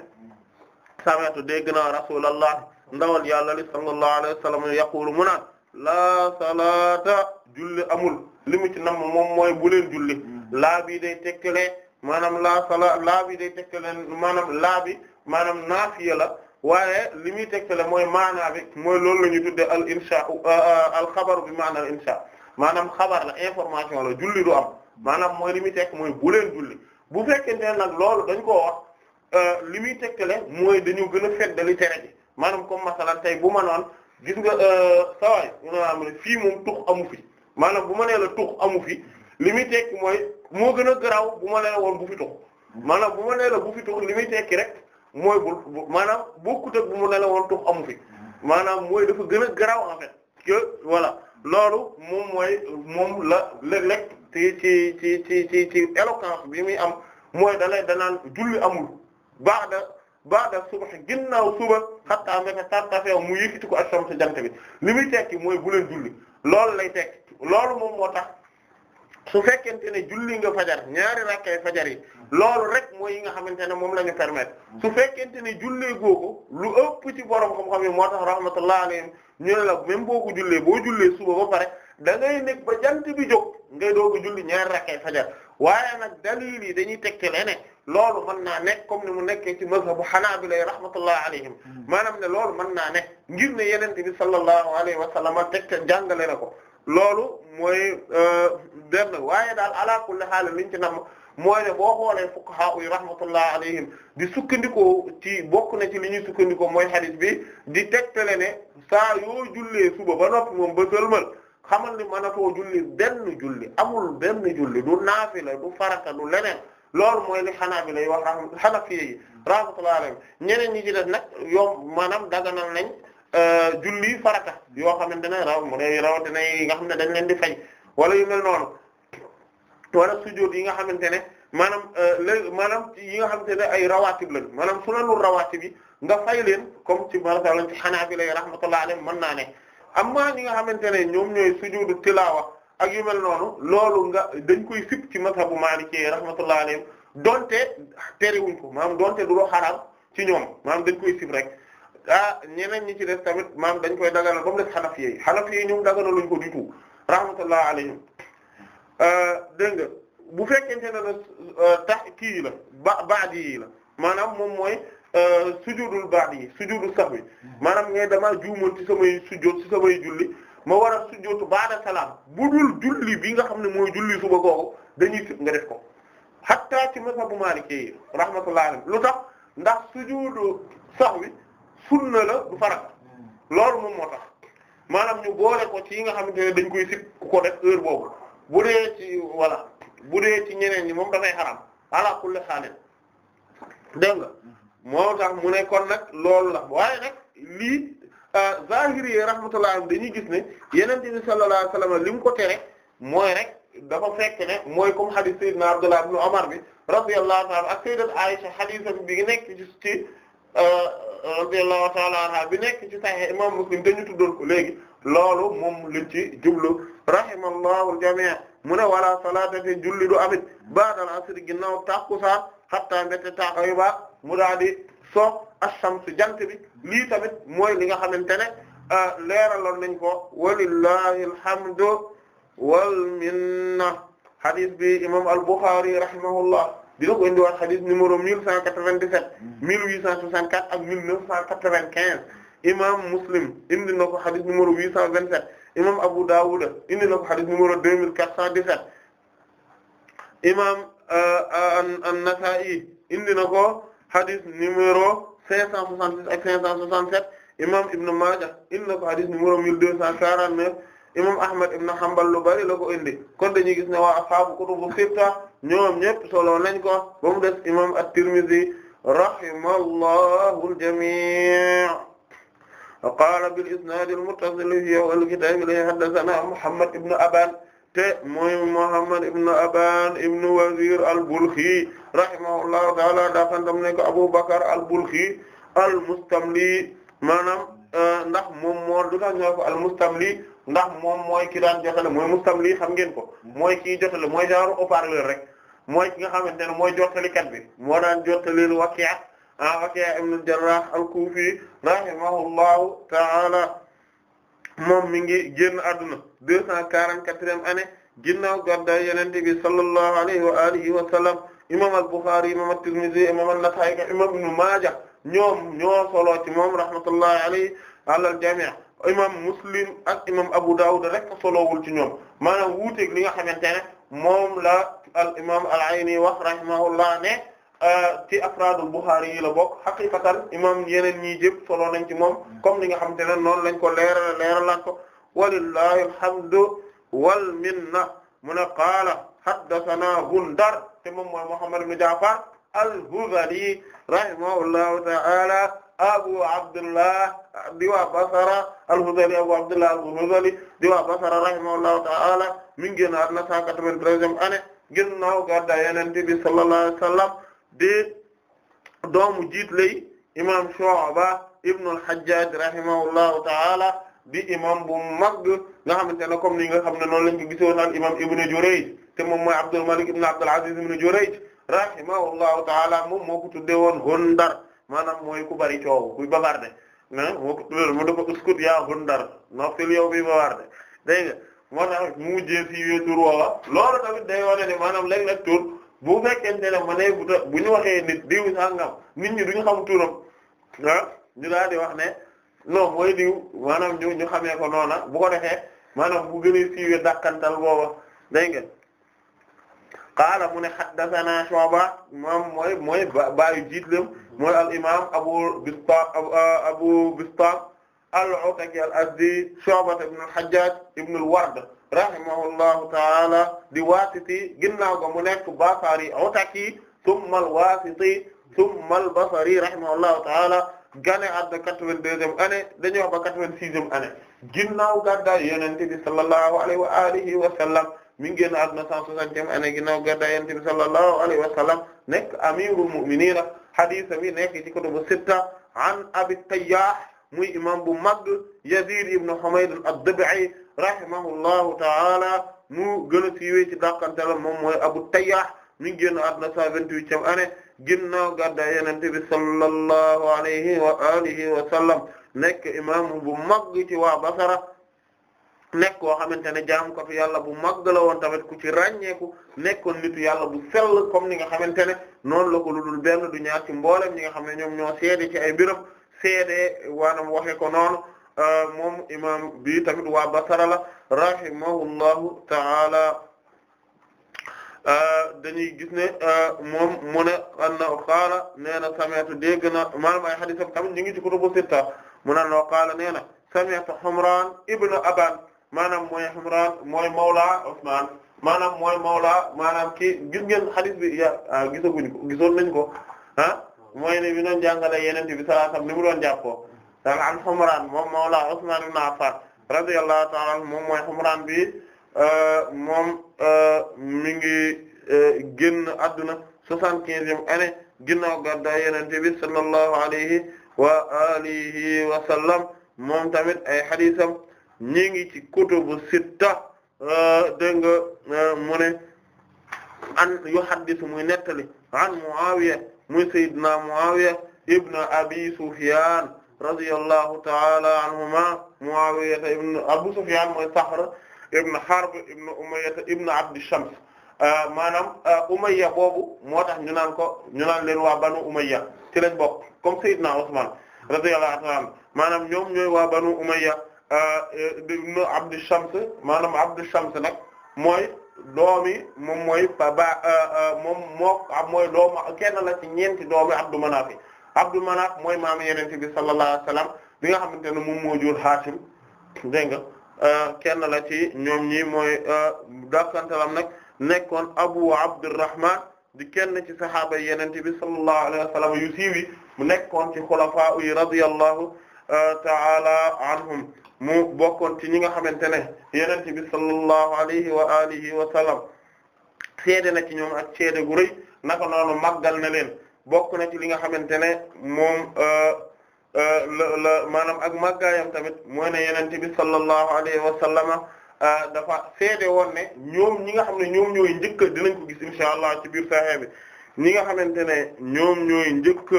sami'tu dégg naa Rasulullah ndawal yàlla li sallallahu alayhi wa sallam yaqulu mu naan laa salaata julli amul li mu ci nam moom mooy bu leen julli laa bi day tekkale maanaam laa sala laa bi day tekkale maanaam laa bi maanaam naafiya la waaye li muy tekkale mooy maanaa bi mooy loolu la ñuy tudde al insha euh, euh, al xabaru bi maanaam insha maanaam xabar la information la julli du am maanaam mooy li muy tekk mooy bu leen julli bu fekkente ne nag loolu dañ koo wax euh, li muy tekkale mooy dañu gën a feddali tere bi maanaam comme masalan tey bu ma noon gis nga euh, sawaay maanaam fii moom tux amu fi maanaam bu ma nee la tux amu fi li muy tekki mooy moo gën a garaaw bu ma nee la woon bu fi tux maanaam bu ma nee bu fi tux li muy tekki rek mooy bu maanaam bokkut ak bu ma nee la woon tux amu fi maanaam mooy dafa gën a garaaw en fait que voilà loolu moom mooy moom la léeg-léeg ci ci ci ci ci ci éloquence bi muy am mooy da lay danaan julli amul baax da ba'da subh ginnaaw suba hatta mbéka tartafew mu yëkkati ko ash-shamsu jant bi li muy tekki mooy bu leen julli loolu lay tekki loolu moom moo tax su fekkente ne julli nga fajar ñaari rakkay fajar yi loolu rek mooy yi nga xamante ne moom lañu ñu permettre su fekkente ne jullee googu lu ëpp ci borom xam-xam yi moo tax rahmatullah alayhim ñu ne la même boo ko jullee boo jullee suba ba pare da ngay nekk ba jant bi jóg ngay doog a julli ñaari rakkay fajar waaye nag dalil yi dañuy tegte leneen loolu mën naa nekk comme ni mu nekkee ci mazhabu xanaabila rahmatullahi alayhim hmm. maanaam ne loolu mën naa ne ngir ne yenente bi sallallahu alayhi wa sallam tegte jàngale na ko loolu mooy euh, benn waaye daal ala kulli haal liñ ci nam mooy ne boo xoolee fuqaha yi rahmatullahi alayhim di sukkandikoo ci bokk na ci li ñuy sukkandikoo mooy hadith bi di tegtale ne saa yo jullee suba ba noppi moom ba sëlmal xamal ni mënatoo julli benn julli amul benn julli du naafila du faraka du leneen loolu mooy li xanaa bi lay wax raxma xanafi yi rahmatullahi alayhi ñeneen ñi ci def nag yoom maanaam daganal nañ euh, julli farata yoo xamante ne raw mu ne rawatina yi nga xam ne dañ leen di fay wala yu mel noonu yi nga xamante ne maanaam euh, léegi maanaam yi nga xamante ne ay rawaatib lañ maanaam sunanul rawaatib yi nga fay leen comme ci marasa lañ ci xanaa bi lay rahmatullahi alayhi mën naa ne amma ñi nga xamante ne ñoom ñooy sujjóotu tilaawa ak yu mel noonu loolu nga dañ koy sipp ci mazhabu Maliki rahmatullahi alayhi donte terewuñ ko maam donte du loo xaraam ci ñoom maanaam dañ koy sipp rek ah ñeneen ñi ci def tamit maam dañ koy daganal ba mu def Hanafi yi Hanafi yi ñoom ñu ko du tout rahmatullahi alayhim euh, dégg nga bu fekkente ne euh, tax kii yi la ba baadi yi la maanaam moom mooy euh, sujudul baadi yi sujudul wi hmm. maanaam ngay dama juumal ci samay sujud ci samay julli ma war a sujjóotu baada salaam budul julli bi nga xam ne mooy julli suba googu dañuy sib nga def ko hatta ci ma mazhabu Maliki yi rahmatullahi alayhi lu tax ndax sujjóotu sahwi sunna la du farata loolu moom moo tax maanaam ñu boole ko ci yi nga xamante ne dañ koy sib ko def heure boobu bu dee ci voilà bu dee ci ñeneen yi moom dafay xaram ala kulli xaalis dégg moo tax mu nekkoon nag loolu la waaye nag lii Euh, zahiri yi rahmatullah dañuy gis ne yenente bi sallallahu alayhi wasallam li tere mooy rek dafa fekk ne mooy comme hadith sayyidina Abdullah ibn Umar bi radiyallahu ta'ala ak sayyidat Aisha hadith bi nekk ci ci euh, radiyallahu ta'ala anha bi nekk ci sahih imam Muslim dañu tuddoon ko léegi loolu moom liñ ci jublu rahimallahu al-jami' mu ne wala salatate julli du amit ba'da al-asr ginnaaw tàkkusaan hatta mbétte taxayu ba mu daal di so ash-shamsu jant bi lii tamit mooy li nga xamante ne euh, leeraloon nañ ko walillahi alhamdu wal minna hadith bi imam al-Bukhari rahimahullah dina ko indiwaat hadith numéro 1197 1864 ak 1995 imam Muslim indi na ko hadith numéro 827 imam Abu Dawud indi na ko hadith numéro 2417 imam an indi na ko hadith numéro 566 ak 567 imam Ibn Maaja indi na ko hadith numéro 1249 imam Ahmad Ibn Hanbal lu bari la ko indi kon dañuy gis ne waa ashaabu kutubu sitta ñoom ñëpp solo nañ ko ba mu des imam at-Tirmidhi rahimallahu al-jamii' qaala bil-isnaad al-muttasil fii al-kitaab ilayhi haddathanaa Muhammad ibn Abaan te mooy Muhammad ibn Abaan ibn Waziir al-Balkhi rahimahullahu taala daa xantam ne ko Abu Bakr al-Balkhi al-Mustamli maanaam euh, ndax moom moo du tax ñoo ko al-Mustamli ndax moom mooy kii daan jotale mooy Mustamli xam ngeen ko mooy kii jotale mooy genre rek mooy ki nga xamante ne mooy jottalikat bi moo daan jottali Waki' ah Waki' ibn al-Jarrah al-Kufi rahimahullahu taala moom mi ngi génn àdduna deux cent quarante-quatrième année ginnaaw gàddaay Yonent bi sallallahu alayhi wa alihi imam al-Bukhari imam at-Tirmidhi imam an-Nasa'i imam Ibn Maaja ñoom ñoo solo ci moom rahmatullahi alayhi alal jami' imam Muslim ak imam Abu Dawud rek solowul ci ñoom maanaam wuuteeg li nga xamante ne moom la al imam al-Ayni wax rahimahullah ne euh, ci afraadul Bukhari yi la bokk haqiqatan imam yeneen ñii jëpp solo nañ ci moom comme li nga xamante ne noonu lañ ko leeral leeralaan ko walillahi alhamdu wal minna mun qaala haddathana Bundar te moom mooy Muhammad ibn Ja'far al-Hudhali rahimahullahu ta'ala abu abdullah di waa Basra al-Hudhali abu abdullah al-Hudhali di waa Basra rahimahullahu ta'ala mi ngi génn àdduna 193e année ginnaaw gàddaay Yonent bi sallallahu alayhi wa sallam di doomu jiit lay imam Shu'ba ibn al-Hajjaj rahimahullahu ta'ala di imam bu mag nga xamante ne comme ni nga xam ne noonu lañ ko gisoon al imam Ibn Jurayj te moom mooy Abdul Malik ibn Abdul Aziz ibn Jurayj rahimahullahu ta'ala moom moo ko tuddee woon Hundar maanaam mooy ku bari coow kuy babarde ah moo ko tuddee mu dafa uskut yaa Hundar nafsil yow bi babarde dégg nga moo tax mu mujjee si yooyu tur woowa loolu tamit day wane ne maanaam léeg-léeg tur bu fekkente ne ma ne bu bu ñu waxe nit diw sangam nit ñi duñu xam turam ah ñu daal di wax ne non mooy diw maanaam ñu ñu xamee ko noona bu ko defee maana bu gën a siiwee dàkkantal qaala mu ne haddathana Shu'ba moom mooy mooy baayu jiitlam mooy al imaam Abu Bistam Abu Bistam al-Ataki al-Azdi Shu'ba ibn al-Hajjaj ibn al-Ward rahimahullahu ta'ala di Waasiti ginnaaw ga mu nekk Basri Ataki thumma al-Waasiti thumma al-Basri rahimahullahu ta'ala gane adda quatre-vingt-deuxième année dañu wax ba quatre-vingt-sixième année ginnaaw gàddaay Yonent bi sallallahu alayhi wa alihi wa sallam mi ngi génn àdduna 160e année ginnaaw gàddaay Yonent bi sallallahu alayhi wa sallam nekk amirul mu'minin hadith bi nekk ci kutubu sitta an Abi Tayyah muy imam bu mag Yazid ibn Humayd ad-Dubai rahimahullahu ta'ala mu gën a siiwee ci dàqanteel moom mooy Abu Tayyah mi ngi génn àdduna 128e année ginnaaw gàddaay Yonent bi sallallahu alayhi wa alihi wa sallam nekk imam bu mag ci waa Basra nekk koo xamante ne jaamukatu yàlla bu màgg la woon tamit ku ci ràññeeku nekkoon nitu yàlla bu sell comme ni nga xamante ne noonu la ko lu dul benn du ñaar ci mboolem nga xam ne ñoom ñoo seede ci ay mbiram seede waanam waxe ko noonu euh, moom imam bi tamit waa Basra la rahimahullahu ta'ala euh, dañuy gis ne euh, moom mu ne anna qaala nee na sami'tu dégg na maanaam ay hadith tamit ñu ngi ci kutubu sitta mu ne anna qaala nee na Humraan ibn Abaan maanaam mooy Imraan mooy maanaam mooy mawla maanaam kii gis ngeen xadis bi ya ah, gisaguñ ko gisoon nañ ko ah mooy ne bi doon jàngale Yonent bi sallallahu alayhi wasallam ni mu doon jàppoo an Humraan moom mawla moom mooy Humraan bi euh, moom euh, mi ngi euh, génn adduna soixante-quinzième année ginnaaw gàddaay Yonent bi sallallahu alayhi wa alihi wa sallam moom tamit ay xadisam ñi ngi ci kutubu sitta euh, dégg nga euh, mu ne an yu haddisu mu nettali an Muawiya muy sayyidina Muawiya ibn Abi Sufyan radiyallahu ta'ala anhuma Muawiya ibn Abu Sufyan mooy Saxr ibn Harb ibn Umayya Shams euh, maanaam Umayya boobu moo tax ñu naan ko ñu naan leen waa Banu Umayya ci lañ bokk comme sayyidina Usman radiyallahu ta'ala maanaam ñoom ñooy waa Banu Umayya ibn Abd Shams maanaam Abd Shams nag mooy doomi moom mooy baba euh, euh, moom moo ah, mooy doomu kenn la ci ñeenti doomi Abdu Manaf yi Abdu Manaf mooy maamu Yonent bi sallallahu alayhi wa bi nga xamante ne moom moo jur Hashim dégg nga euh, kenn la ci ñoom ñi mooy dakantalam nag nekkoon Abu Abdurrahman di kenn ci sahaaba yi Yonent bi sallallahu yu siiw yi mu nekkoon ci xulafaa yi radiyallahu ta'ala anhum mu bokkoon ci ñi nga xamante ne yonent bi sallallahu alayhi wa alihi wa sallam seede na ci ñoom ak seede gu rëy naka noonu màggal na leen bokk na ci li nga xamante ne moom euh, euh, la la maanaam ak màggaayam tamit mooy ne yonent bi sallallahu alayhi wa sallama euh, dafa seede woon ne ñoom ñi nga xam ne ñoom ñooy njëkk dinañ ko gis insha allah ci biir saxee bi ñi nga xamante ne ñoom ñooy njëkk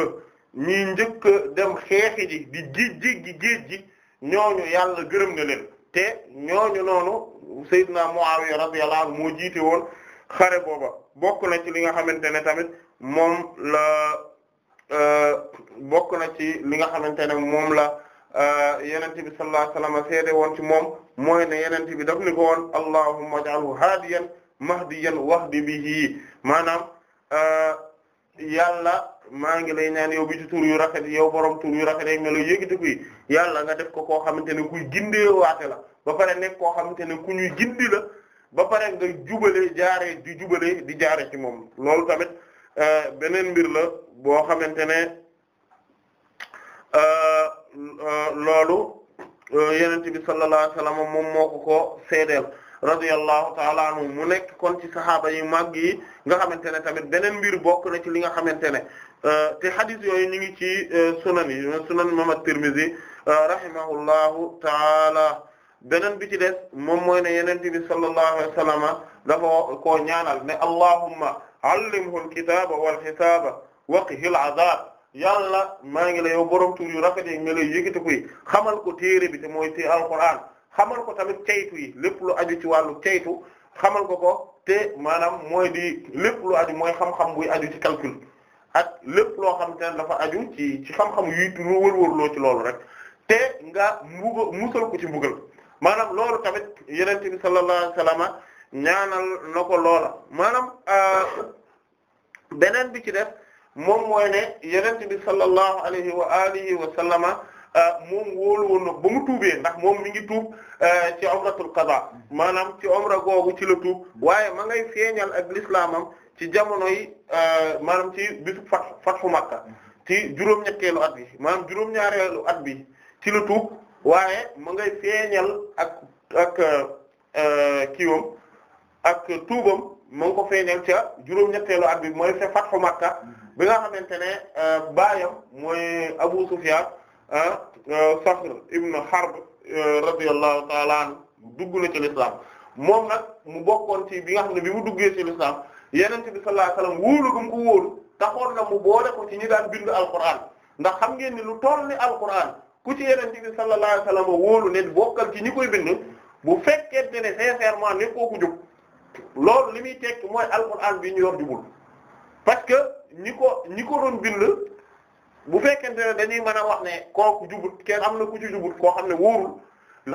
ñi njëkk dem xeexi ji di géej ji ji ñooñu yàlla gërëm na leen te ñooñu noonu Seydina Muawiya radiyallahu anhu moo jiite woon xare booba bokk na ci li nga xamante ne tamit moom la euh, bokk na ci li nga xamante ne moom la euh, yonent bi sallallahu alayhi wasallam woon ci moom mooy ne yonent bi daf ni ko woon allahumma ij'alhu haadiyan mahdiyan wahdi bihi maanaam euh, yàlla maa ngi lay ñaan yow bi ci tur yu rafet yow borom tur yu rafet ak melo yëkkatiku yi yàlla nga def ko koo xamante ne kuy gindee waate la ba pare nekk koo xamante ne ku ñuy gindi la ba pare nga jubale jaare di jubale di jaare ci moom loolu tamit euh, beneen mbir la boo xamante ne euh, euh, loolu yonent bi sallallahu alayhi moom moo ko ko seedeel mu nekk kon ci saxaaba yu màgg yi nga xamante ne tamit beneen mbir bokk na ci li nga xamante ne Euh, te hadith yooyu ñu ngi ci euh, sunan yi sunan imam at-Tirmidhi euh, rahimahullahu taala beneen bi ci des moom mooy ne yenente bi sallallahu alayhi wa sallam dafa koo ñaanal ne allahumma allimhu al-kitaba wal-hisaba waqihil azab yàlla maa ngi la yow borom tur rafet yi nga lay yëkkati koy xamal ko téere bi te mooy ci alquran xamal ko tamit caytu yi lépp lu aju ci wàllu caytu xamal ko ko te maanaam mooy di lépp lu aju mooy xam-xam buy aju ci calcul ak lépp loo xamante ne dafa aju ci ci xam-xam yuy turu wër-wërloo ci loolu rek te nga mbuga musal ko ci mbugal maanaam loolu tamit yenente bi sallallahu alayhi wasallam ñaanal na loola maanaam euh, beneen bi ci def moom mooy ne yenente bi sallallahu alayhi wa alihi wa sallama euh, moom wóolu woon ba mu tuubee ndax moom mi ngi tuub euh, ci umratul qada maanaam ci umra googu ci la tuub waaye ma ngay feeñal ak lislaamam ci jamono yi euh, maanaam ci bisu fat fatxu Makka ci juróom-ñetteelu at bi maanaam juróom-ñaareelu at bi ci lu tuub waaye ma ngay feeñal ak ak euh, kiiwam ak tuubam ma ko feeñal ca juróom-ñetteelu at bi mooy sa fatxu Makka bi nga xamante ne euh, baayam mooy Abu Sufyan ah, Saxr ibn Harb radiyallahu ta'ala anhu dugg na ci l'islam moom nag mu bokkoon ci bi nga xam ne bi mu duggee ci l'islam yenente bi sallallahu alayhi wasallam wóolu gum ko wóolu taxoon na mu boole ko ci ñi daan bind alquran ndax xam ngeen ni lu toll ni alquran ku ci yenente bi sallallahu alayhi wasallam wóolu ne bokkal ci ñi koy bind bu fekkente ne sincèrement ne kooku jub loolu li muy tekki mooy alquran bi ñu yor jubul parce que ñi ko ñi ko doon bind bu fekkente ne dañuy mën a wax ne kooku jubut kenn am na ku ci jubut koo xam ne wóorul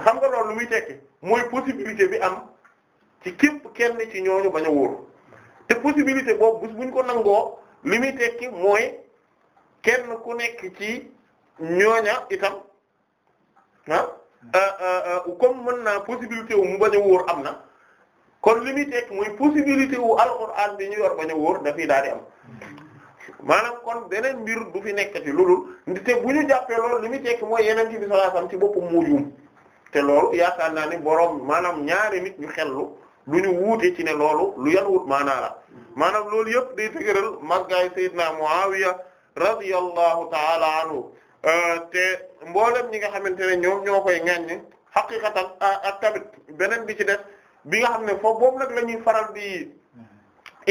xam nga loolu lu muy tekki mooy possibilité bi am ci képp kenn ci ñooñu bañ a wóor te possibilité boobu bés bu ñu ko nangoo li muy tekki mooy kenn ku nekk ci ñooña itam ah hmm. euh, euh, euh, comme mën naa possibilité wu mu bañ am na kon li muy tekki mooy possibilité wu alxuraan bi ñu yor bañ a wóor dafay daal am hmm. maanaam kon beneen mbir du fi nekkati dul te bu ñu jàppee loolu li muy tekki mooy yeneen ci bi sallallahu ci boppam moo juum te loolu yaakaar naa ne boroom maanaam ñaari nit ñu xellu. lu ñu wuute ci ne loolu lu yan wut maanaa la maanaam loolu yëpp day tëgëral màggaay Seydina Muawiya radiyallahu taala anhu euh, te mboolem ñi nga xamante ne ñoom ñoo koy ŋaññi xaqiqatan ak tamit beneen bi ci def bi nga xam ne foofu boobu nag la faral di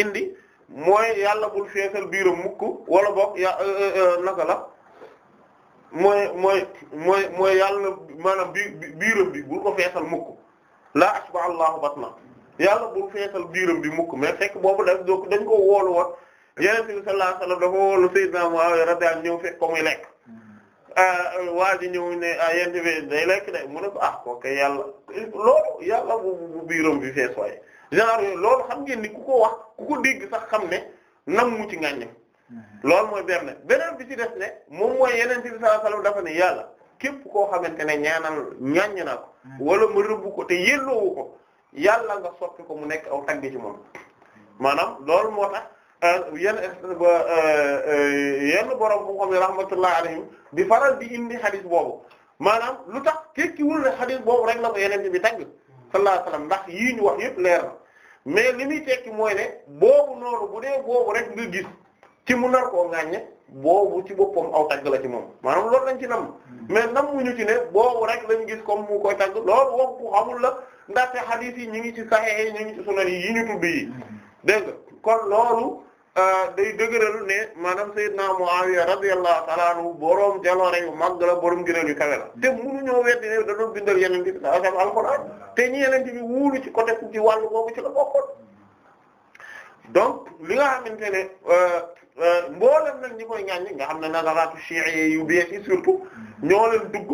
indi mooy yàlla bul feesal biiram mukk wala boog ya euh, euh, naka la mooy mooy mooy mooy yàlla maanaam biiram bi bul ko feesal mukk laa asba allahu batna yàlla bul feesal biiram bi mukk mais fekk boobu daf do dañ ko woolu woon yenente bi sallallahu alayhi wasallam dafa woolu Seydina Muawiya radiyallahu anhu ñëw fekk ko muy lekk euh, waa ji ñëw ne ah yenente bi day lekk de mu ne ko ah kooku yàlla loolu yàlla bu biiram bi fees waaye genre yooyu loolu xam ngeen ni ku ko wax ku ko dégg sax xam ne nam mu ci ngàññe hmm. loolu mooy benn beneen bi ci def ne moom mooy yenente bi sallallahu dafa ne yàlla képp koo xamante ne ñaanal ñàññ na ko hmm. wala ko yàlla nga soppi ko mu nekk aw tagg ci moom maanaam loolu moo tax euh, euh, yenn borom bu xam ne rahmatullahi alayhim di faral bi indi xadis boobu maanaam lu tax wul ne xadis boobu rek la ko yeneen bi tagg sallallahu alayhi ndax yii ñu wax yëpp leer na mais li muy tekki mooy ne boobu noonu bu dee boobu rek nga gis ci mu nar koo ŋàññe boobu ci boppam aw tagg la ci moom maanaam loolu lañ ci nam hmm. mais nam ñu ci ne boobu rek lañ gis comme mu koy tagg loolu wax bu xamul la ndax hadith yi ñu ngi ci Sahih ñu ngi ci Sunan yi ñu tudd yi hmm. dégg nga kon loolu euh, day dëgëral ne maanaam Sayyidna Muawiya radiyallahu ta'ala anhu boroom jaloore yu mag la boroom gënal yu kawe la te mënuñoo weddi ne da doon bindal yeneen bi asam alxuraan te ñi yeneen bi wuulu ci côté ci wàllu boobu ci la bokkoon hmm. donc li nga xamante ne euh, Euh, mboolem nag ñi koy ŋàññi nga xam ne nazaratu shi'i yu bees yi surtout ñoo leen dugg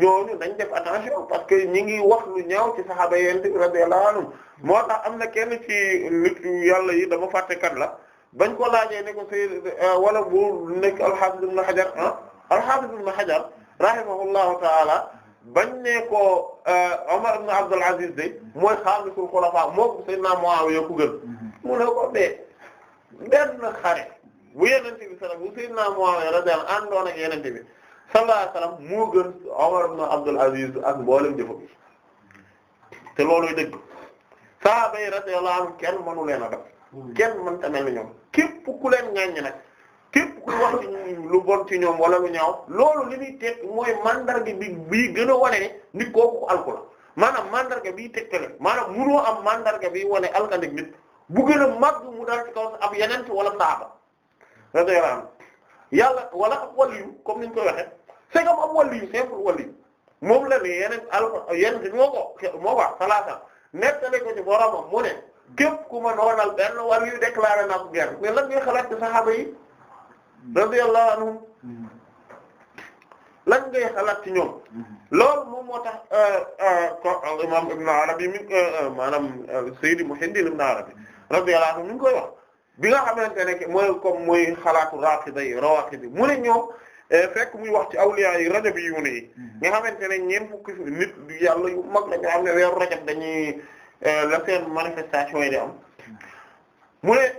ñooñu dañ def attention parce que ñi ngi wax lu ñaaw ci saxaaba yent radiyallahu anhum moo tax am na kenn ci nit yàlla yi dama fàtte kat la bañ ko laajee ne ko say euh, wala bu nekk al-Hafiz ibn Hajar ah al-Hafiz ibn Hajar rahimahullahu ta'ala bañ ne ko Umar euh, ibn Abdul Aziz mooy xaamisul xulafa moo ko Sayyidina Muawiya ko gën mm-hmm. mu ne ko dee benn xare bu yenente bi sallallahu alayhi bu sayyidina Muhammad radiyallahu anhu àndoon ak yenente bi sallallahu alayhi wasallam moo gën Umar ibn Abdul Aziz ak mboolem jëfa bi te looluy dëgg sahaaba yi radiyallahu anhu kenn mënu leen a def kenn mën tamel ni ñoom képp ku leen gàññ nag képp ku wax ci lu bon ci ñoom wala lu ñaaw loolu li muy teg mooy mandarga bi bii gën a wane ne nit kooku alku la maanaam mandarga bii tegtale maanam munoo am mandarga bi wane alkandik nit bu gën a màgg mu dal ci kaw ab yeneen wala saaba radiyallahu anhu yàlla wala ab waliyu comme niñ ko waxe c'est comme ab waliyu simple waliyu moom la ne yeneen alfa yeneen moo ko moo wax salaasa nettali ko ci boromam mu ne képp ku ma noonal benn waliyu déclaré naa ko guerre mais lan ngay xalaat ci saxaaba yi radiyallahu anhum lan ngay xalaat ci ñoom loolu moom moo tax euh, euh, ko imam Ibn Arabi mi euh, maanaam Sayyid Muhiddin Ibn Arabi radiyallahu anhu mi ngi koy wax bi nga xamante ne mooy comme mooy xalaatu rafida yi rawafidi mu ne ñoom eh, fekk muy wax ci awliya yi rajab yi yu ne yi mm-hmm. nga xamante ne ñeent fukki nit yàlla yu mag la ñu xam ne weeru rajab dañuy eh, la seen manifestation yi di am mm-hmm. mu ne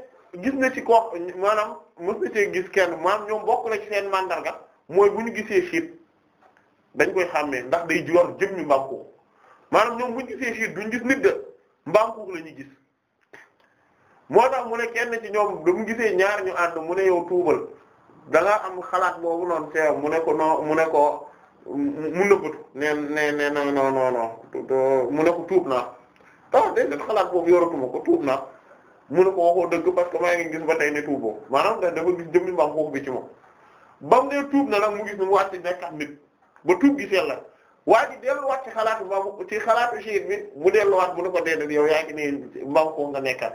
gis ci koo maanaam mës na cee gis kenn maanaam ñoom bokk na ci seen mandarga mooy bu ñu gisee siit dañ koy xàmmee ndax day jor jëmmi mbaam ko maanaam ñoom bu ñu gisee siit duñ gis nit de mbaam ko la ñuy gis moo tax mu ne kenn ci ñoom damu gisee ñaar ñu ànd mu ne yow tuubal da nga am xalaat boobu noonu te mu ne ko non mu ne ko mu nëbbatu ne ne ne non non non mu ne ko tuub naa ah déedéet xalaat boobu yoratuma ko tuub naa mu ne ko waxoo dëgg parce que maa ngi gis ba tey ne tuuboo maanaam dafa gis bi ci moom ba tuub na nag mu gis ne mu wàcc nekk ak nit ba tuub gi seel la ci xalaatu mbaam ci xalaatu siit bi mu delluwaat bu ne ko déedéet yow yaa ngi nii mbaam xoofu nga nekkaat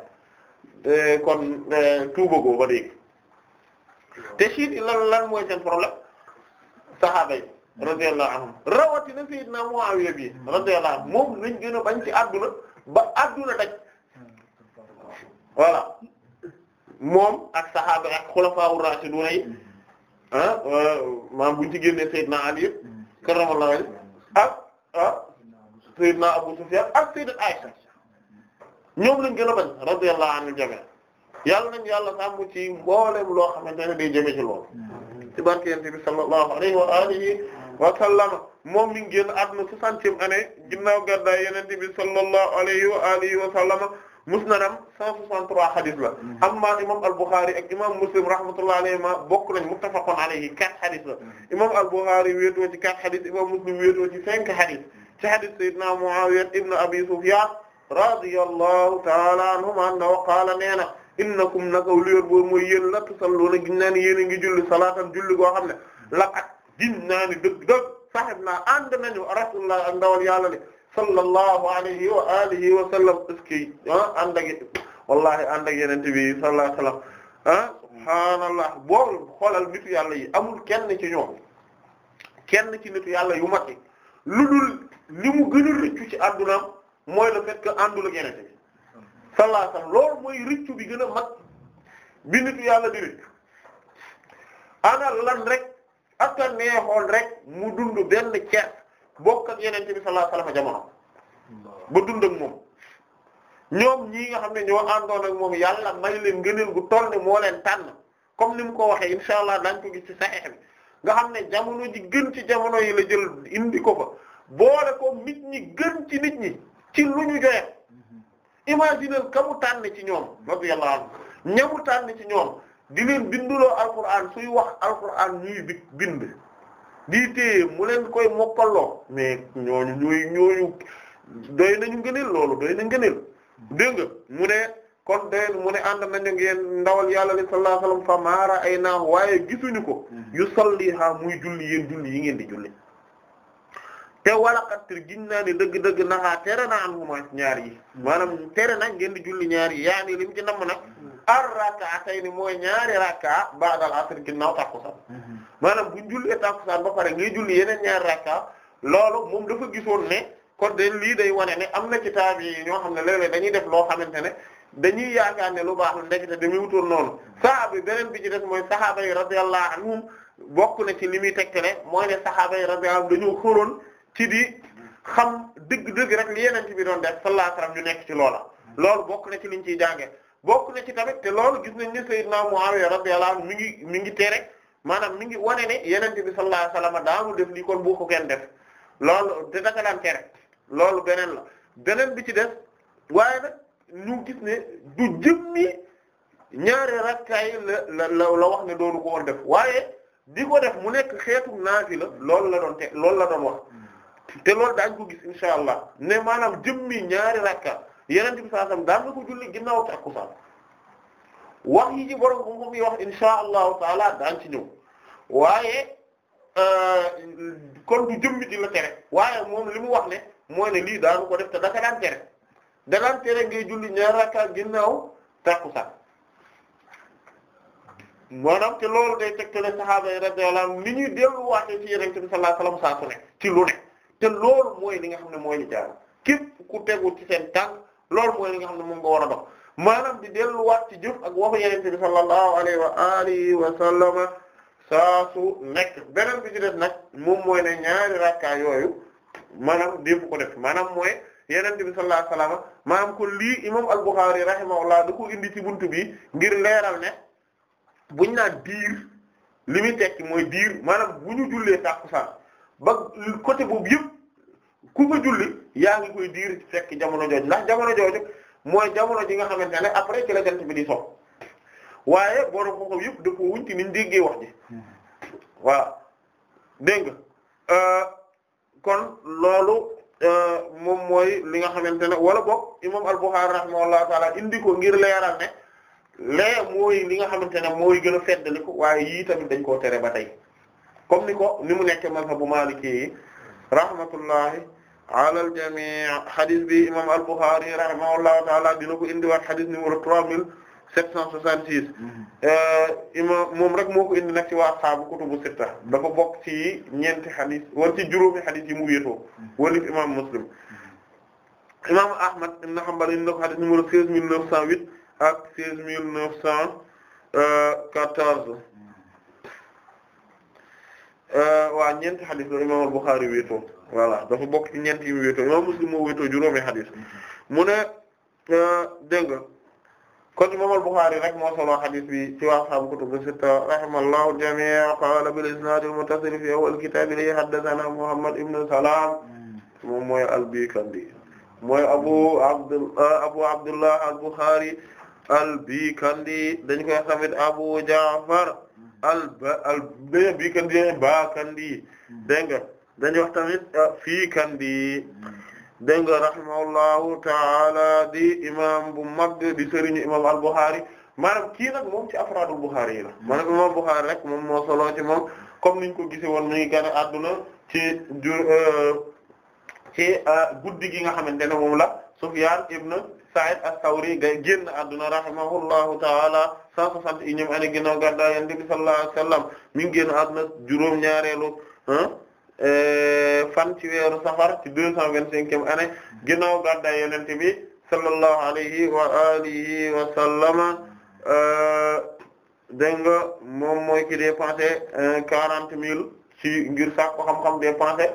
Eh, kon eh, tuubagoo ba léegi te siit lan lan mooy seen problème saxaaba yi radiyallahu anhum rawatina sayyidina Muawiya bi radiyallahu moom lañ gën a bañ ci àdduna ba àdduna daj voilà moom ak saxaaba ak xulafaa raashidun yi ah, eh, maam buñ ci génnee sayyidina Ali karramallahu wajhahu ak ah Abu Sufyan ak sayyidina Aisha ñoom lañ gën a bañ radiyallahu anhu jami yàlla nañ yàlla sàmm ci mboolem loo xamante ne day jëme ci loolu ci barke yente bi sallallahu alayhi wa alihi wa sallam moom mi ngi génn àdduna soixantième année ginnaaw gàddaay yenente bi sallallahu alayhi wa alihi wa a musnadam 163 xadis la amma imam al-Bukhari ak imam Muslim rahmatullahi alayhima bokk nañ muttafaqun alayhi 4 xadis la imam al-Bukhari wéetoo ci 4 xadis imam Muslim wéetoo ci 5 xadis ci xadis sayyidina Muawiya radiyallahu ta'ala anhum anna wa qaala nee na innakum nakaw liér boo mooy yéen la tusalluuna gin naa ni yéen a ngi julli salaatan julli goo xam ne laqad gin naa ni dëgg dëgg sahib naa ànd nañu rasulullah ak ndawal yàlla ne sallallahu alayhi wa alihi wa sallam aski ah ànd ak wallahi ànd ak yeneen bi sallallahu alayhi wa sallam ah subhaanallah boo xoolal nitu yàlla yi amul kenn ci ñoom kenn ci nitu yàlla yu mag yi lu dul li mu gën a rëccu ci addunaam mooy le fait àndul ak yeneen bi sallallahu loolu mooy rëccu bi gën a mag bi nitu yàlla di rëccu ana lan rek aka neexoon rek mu dund benn ceeb bokk ak yeneen bi sallallahu alayhi wasallam jamono ba dund ak moom ñoom ñii nga xam ne ñoo àndoon ak moom yàlla may leen ngëneel gu toll ni moo leen tànn comme ni mu ko waxee insha allah daañ ko gis ci Sahih bi nga xam ne jamono ji gën ci jamono yi la jël indi ko fa boole ko nit ñi gën ci nit ñi ci lu ñu joxe imaginez ka mu tànn ci ñoom radiyallahu anhu ña mu tànn ci ñoom di leen binduloo alquran suy wax alquran ñuy bi bind di téye mu leen koy moppaloo mais ñooñu ñooy ñooñu doy nañu ngëneel loolu doy na ngëneel dégg nga mu ne kon doy mu ne ànd nañu ngeen ndawal yàlla li sallallahu alayhi wasallam fa maara ay naax waaye gisuñu ko mm-hmm. yu salliha muy julli yéen julli yi ngeen di julli te walaqattir gin naa ne dëgg-dëgg naxaa tere na an huma ñaar yi maanaam tere na ngeen di julli ñaar yi yaani lim ci namm nag ar ni mooy ñaari rakka ba'dal asr ginnaaw tàkkusaan mhm. maanaam buñ jullee tàkkusaan ba pare ngay julli yeneen ñaari rakka loolu moom dafa gisoon ne kon de lii day wane ne am na ci taab yi ñoo xam ne léeg-léeg dañuy def loo xamante ne dañuy yaakaar ne lu baaxul ndekete dañuy wutoon noonu sahaaba yi beneen bi ci des mooy sahaaba yi radiyallahu anhum bokk na ci li muy tegtale mooy ne sahaaba yi radiyallahu anhum dañoo xóoroon ci di xam dëgg-dëgg rek li yeneen bi doon def sallallahu alayhi ñu nekk ci loola loolu bokk na ci liñ ciy jàngee bokk na ci tamit te loolu gis nañ ni Sayyidna Muawiya radiyallahu anhu mi ngi mi ngi tere maanaam mi ngi wane ne yeneen bi sallallahu alayhi wasallam daanu def lii kon bu ko kenn def loolu te daka daan tere loolu beneen la beneen bi ci def waaye nag ñu gis ne du jëmmi ñaari rakkaay la la la wax ne doonu ko woon def waaye di ko def mu nekk xeetu naafila loolu la doon loolu la doon wax te loolu daañ ko gis insha allah ne maanaam jëmmi ñaari rakka yenente bi sallallahu daan na ko julli ginnaaw takkusaan wax yi ci borom xam-xam yi wax insha allahu taala daan ci ñëw waaye euh, kon du jëmmi di la tere waaye moom li mu wax ne mooy ne lii daanu ko def te daka daan tere da daan tere ngay julli ñaari rakka ginnaaw takkusaan maanaam te loolu day tegtale sahaaba yi radiyallahu anhum li ñuy delluwaatee ci yenente bi sallallahu alayhi wasallam saa su ne ci lu te loolu mooy li nga xam ne mooy li jaar képp ku tegu ci seen tànk loolu mooy li nga xam ne moom nga war a dox maanaam di delluwaat ci jëf ak waxu yenente bi sallallahu alayhi wa alihi wa sallama saa su nekk beneen bi ci def nag moom mooy ne ñaari rakka yooyu maanaam bu ko def maanaam mooy yenente bi sallallahu alayhi wa sallama maanaam ko lii imam al-Bukhari rahimahullah da indi ci buntu bi ngir leeral ne buñ naan diir li muy tekki mooy diir maanaam bu ñu jullee tàkkusaan ba côté boobu yëpp ku nga julli yaa ngi koy diir fekk jamono jooju ndax jamono jooju mooy jamono ji nga xamante ne après ci la jant bi di so waaye borom yëpp dafa wuñ ci niñ déggee wax ji waaw dégg nga euh, kon loolu euh, moom mooy li nga xamante ne wala boog imam al-Bukhari rahimahullahu taala indi ko ngir leeral ne lee mooy li nga xamante ne mooy gën a feddali ko waaye yii tamit dañ koo tere ba tey comme ni ko ni mu nekke mazhabu maliki yi rahmatullahi ala al jami' hadith bi imam al-Bukhari rahimahullahu taala dina ko indiwaat hadith numéro trois mille sept cent soixante-six mm-hmm. euh, imam moom rek moo ko indi nag ci waa ashaabu kutubu sitta dafa bokk ci ñeenti hadith wala ci juróomi hadith yi mu wéetoo mm-hmm. walif imam Muslim mm-hmm. imam Ahmad ibn Hanbal indi na ko hadith numéro seize mille neuf cent huit ak seize mille neuf cent euh, quatorze Euh, waa ñeenti xadis imam al-Bukhari wéetoo voilà bokk ci yi mu wéetoo imam Muslim moo wéetoo juróomi xadis mu ne euh, kon imam al-Bukhari rek moo solo xadis bi ci waa ashaabu kutubu sitta rahimallahu jami'a qala bil isnad al fi awwal kitab li haddathana Muhammad ibn mooy abu euh, abu abdullah al-Bukhari al-Bikandi dañ koy Abu Ja'far al ba al ba bii kandi ba kandi hmm. dégg nga dañuy wax tamit ah, fii kandi hmm. dégg nga rahimahullahu taala di imam bu mag di sëriñu imam al Bukhari maanaam kii nag moom ci afraadul Bukhari yi la hmm. maanaam imam Bukhari rek moom moo moom comme niñ ko gisee woon mi ngi gën a ci ju euh, ah, guddi gi nga xamante ne moom la Sufyan ibn Sa'id as-Sawri ga génn adduna rahimahullahu taala cent soixante et unième année ginnaaw gàddaay Yonent bi sallallahu alayhi wa sallam juróom ñaareelu ah, eh, fan ci weeru safar ci deux cent vingt cinquième année ginnaaw gàddaay Yonent bi sallallahu alayhi wa alihi wa sallama eh, dégg nga moom mooy ki eh, quarante mille ci ngir sàkku xam-xam dépensé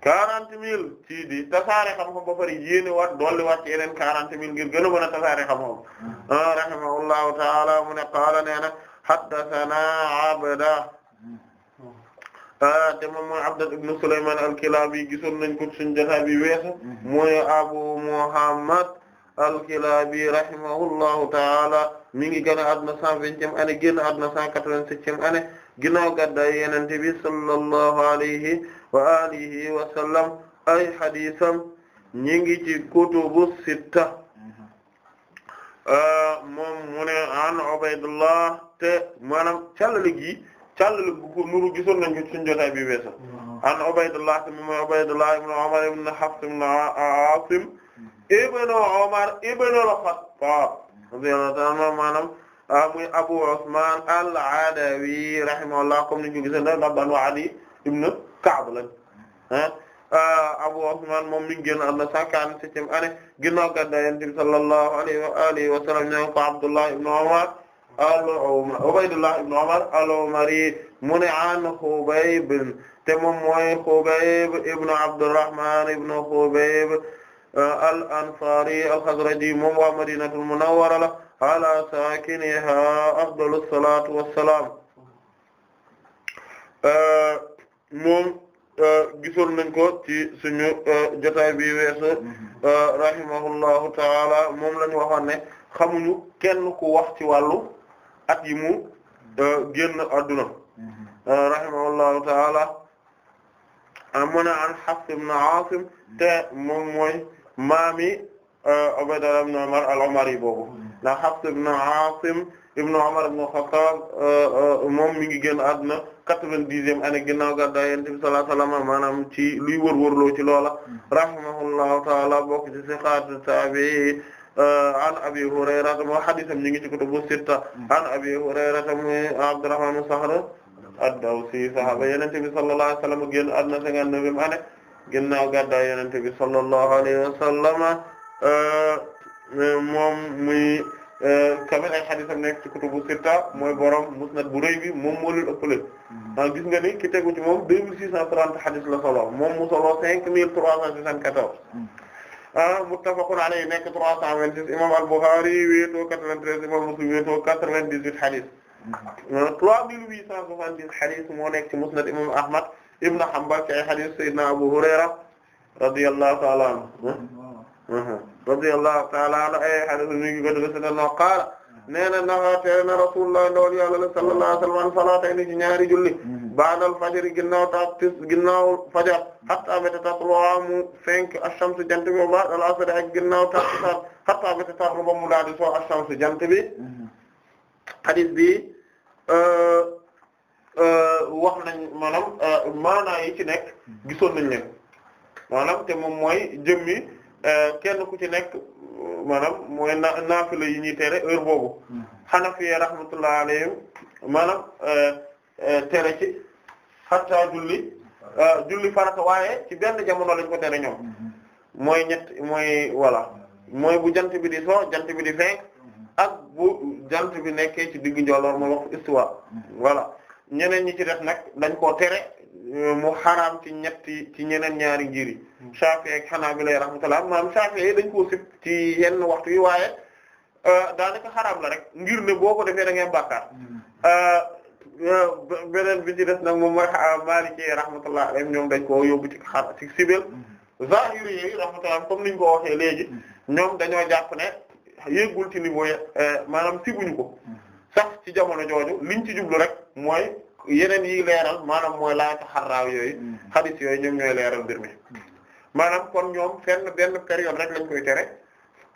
quarante mille ci di tasaare xam-xam ba pare yéene waat dolli yeneen quarante mille ngir gën a mën tasaare xam-xam hmm. ah, rahimahullahu ta'ala mu ne qaala nee na haddathana abda ah, te moom mooy abda ibn sulayman al gisoon nañ ko suñ jotaay bi weesu hmm. mooy abu muhammad al-kilabi rahimahullahu ta'ala mi ngi gën a adduna cent vingtième année génn adduna cent quatre-vingt-septième année ginnaaw gàddaay Yonent bi sallallahu alayhi wa alihi wa sallam ay hadisam ñi ngi ci kutubu sitta euh, moom mu ne an Ubaydullah te maanaam càllale gi càllale gu nuru gisoon nañ ko ci jotaay bi weesa an Ubaydullah te moom Ubaydullah ibn Umar ibn Hafs ibn Asim Umar ibn al-Khattab radiyallahu anhu ah, ñu gisoon da dabban wa ibn Kaab lañ ah, ah, Abu Usman moom mi ngi génn am na cent quarante-septième année ginnaaw gàddaay Yonent bi sallallahu alayhi wa alihi wa sallam ñoo ko Abdullah ibn Umar al-Umar Ubaydullah ibn Umar al-Umari mu ne an Xubayb te moom mooy Xubayb ibn Abdurrahman ibn Xubayb ah, al-Ansari al-Khazraji moom waa Madinatul Munawwara la ala saakiniha afdalu salaatu wassalaam moom euh, gisoon nañ ko ci suñu euh, jotaay bi weesu mm-hmm. euh, rahimahullahu taala moom la waxoon ne xamuñu kenn ku wax ci wàllu at yi mu génn adduna mm-hmm. rahimahullahu taala amuna an Hafs ibn Asim mm-hmm. te moom mooy maami Ubaydullah ibn Umar al-Umari boobu ndax Hafs ibn Asim ibn Umar ibn Khattab euh, euh, moom mi ngi génn àdduna quatre-vingt-dixième année ginnaaw gàddaay Yonent bi sallallahu alayhi wa sallam maanaam ci luy wërwërloo ci loola rahimahullahu ta'ala bokk ci siqaat tabi'i euh, an Abi Hurayrata moo hadiisam a ngi ci kutubu sitta an Abi Hurayrata muy Abdurrahman Saxr ad-Dawsi sahaaba Yonent bi sallallahu alayhi wa sallam génn àdduna cinquante-neuvième année ginnaaw gàddaay Yonent bi sallallahu alayhi wa sallam moom kamit euh, ay xadisam nekk ci kutubu sitta mooy borom musnad bu rëy bi moom moo leen ëppale ah gis nga ni ki tegu ci moom deux mille six cent trente xadis la solo moom mu solo cinq mille trois cent soixante-quatorze mm-hmm. ah muttafaqun alayhi nekk trois cent vingt-six imam al-Bukhari wéetoo quatre-vingt-treize imam Muslim wéetoo quatre-vingt-dix-huit xadis mm-hmm. euh, trois mille huit cent soixante-dix xadis moo nekk ci musnad imam Ahmad ibn Hanbal ci ay xadis Seydina Abu Hurayra radiyallahu ta'ala anhu radiyallahu ta'ala anhu ay hadith mi ngi gëdd sena no qaala nee na naxa tere na rasulullah ndawal yàlla sallallahu alayhi wa sallam ñaari julli mhm. ba'dal fajri ginnaaw ta tis ginnaaw fajar hatta bata tatlu'a mu fenk ash-shams jant bi ba'dal asr ak ginnaaw takkusaan hatta bata mu daal soo ash-shams jant bi mhm. hadith bi euh, euh, wax nañ maanaam euh, maanaa nekk gisoon nañ leen te moom mooy Euh, kenn ku ci nekk maanaam mooy na naafila yi ñuy tere heure boobu xanafiya hmm. rahmatullah alayhim maanaam euh, euh, tere ci xattaa julli hmm. julli farata waaye ci benn jamono lañ ko tere ñoom hmm. mooy ñett mooy voilà mooy bu jant bi di so jant bi di fenk ak bu jant bi nekkee ci diggu njolloor mooy wax istiwa voilà ñeneen ñi ci def nag dañ ko tere Euh, mu xaraam ci ñetti ci ñeneen ñaari ngir yi hmm. Shafi'i ak Hanabila rahmatullah maanaam Shafi'i dañ koo sib ci yenn waxtu yi waaye euh, daanaka xaraam la rek ngir ne boo ko defee da ngay bàkkaar hmm. euh, beneen bi ci des nag moom mooy Maliki rahmatullah alayhi ñoom dañ koo yóbbu ci xar ci sibel hmm. Zahiri yi rahmatullah comme niñ ko waxee léegi ñoom dañoo jàpp ne yéggul ci niveau maanaam sibuñu ko sax ci jamono jooju liñ ci jublu rek mooy yeneen yi leeral maanaam mooy laata xarraaw yooyu mm-hmm. xadis yooyu ñoom ñooy leeral mbir mi maanaam kon ñoom fenn benn période rek lañ koy tere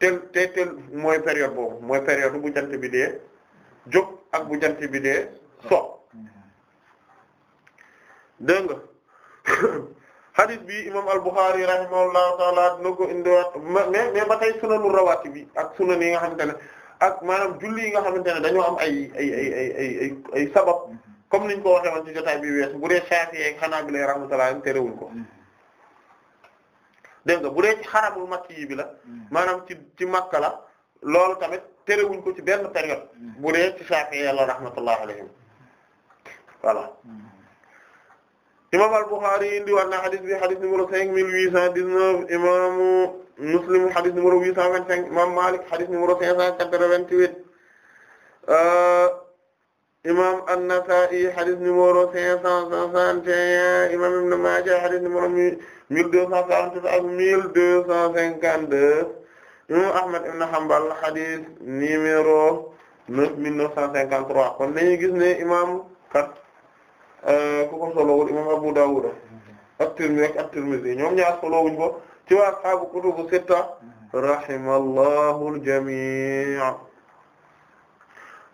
tel te tel mooy période boobu mooy période bu jant bi dee ak bu jant bi dee so mm-hmm. nga hadith bi imam al-Bukhari rahimahullahu taala dina ko indiwaat mais mais ba tey sunanu rawaati bi ak sunan yi nga xamante ne ak maanaam julli yi nga xamante ne dañoo am ay ay ay ay ay sabab mm-hmm. comme niñ ko waxee woon ci jotaay bi weesu bu dee Shafi'i ak Hanabila rahmatullahi terewuñ ko mm. dégg nga bu dee ci xaramul makki yi bi la mm. maanaam ci ci Makka la loolu tamit terewuñ ko ci benn période mm. bu dee ci Shafi'i yàlla rahmatullahi alayhim voilà imam al-Bukhari indi war na hadith bi hadith numéro cinq mille huit cent dix-neuf imam Muslim hadith numéro huit cent vingt-cinq imam Malik hadith numéro cinq cent quatre-vingt-huit euh, imam an-Nasa'i hadith numéro cinq cent soixante imam Ibn Maaja hadith numéro mille deux cent cinquante-deux imam Ahmad ibn Hanbal hadith numéro neuf mille neuf cent cinquante-trois kon dañuy gis ne imam kat euh, ku ko solowul imam Abu Dawud at-Tirmidhi ak at-Tirmidhi ñoom ñaar solowuñ ko ci waa ashaabu kutubu sitta mm-hmm. rahimallahu al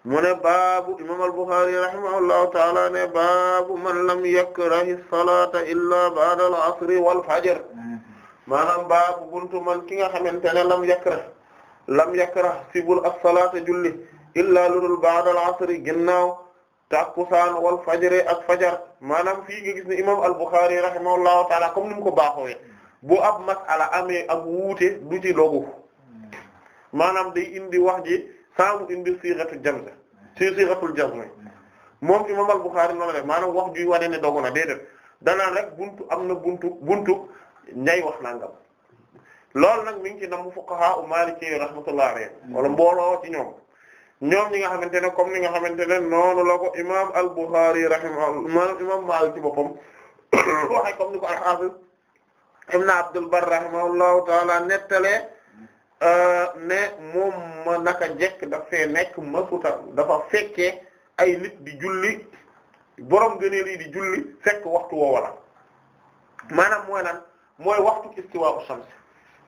mu ne baabu imam al rahimahullahu taala ne baabu man lam yakrahi salata illa ba'da al-asri wal fajr maanaam baabu buntu man ki nga xamante ne lam yakrah lam yakrah sibul as-salata julli illa ludul ba'da al-asri ginnaaw takkusaan wal fajr ak fajar maanaam fii nga gis ne imam al-Bukhari rahimahullahu taala comme ni mu ko baaxoowe bu ab mas'ala amee ak wuute du logu maanaam day indi wax ji saa mu indi siixatu jamza si siixatul jazm moom imam al-Bukhari noonu la def maanaam wax juy wane ne dogu na déedéet danaan rek buntu am na buntu buntu ñay wax nangam loolu nag mi ngi ci namu fuqaha u maliki rahmatullah alayhi wala mbooloo ci ñoom ñoom ñi nga xamante ne comme ni nga xamante ne noonu la ko imam al-Bukhari rahimahullah maanaam Maalik ci waxe comme ni ko al-Hafiz ibn Abdul Barr rahimahullahu ta'ala nettalee Euh, ne moom ma naka njëkk daf fee nekk masuta dafa fekke ay nit di julli borom gëneel yi di julli fekk waxtu woowa la maanaam mooy lan mooy waxtu istiwa shams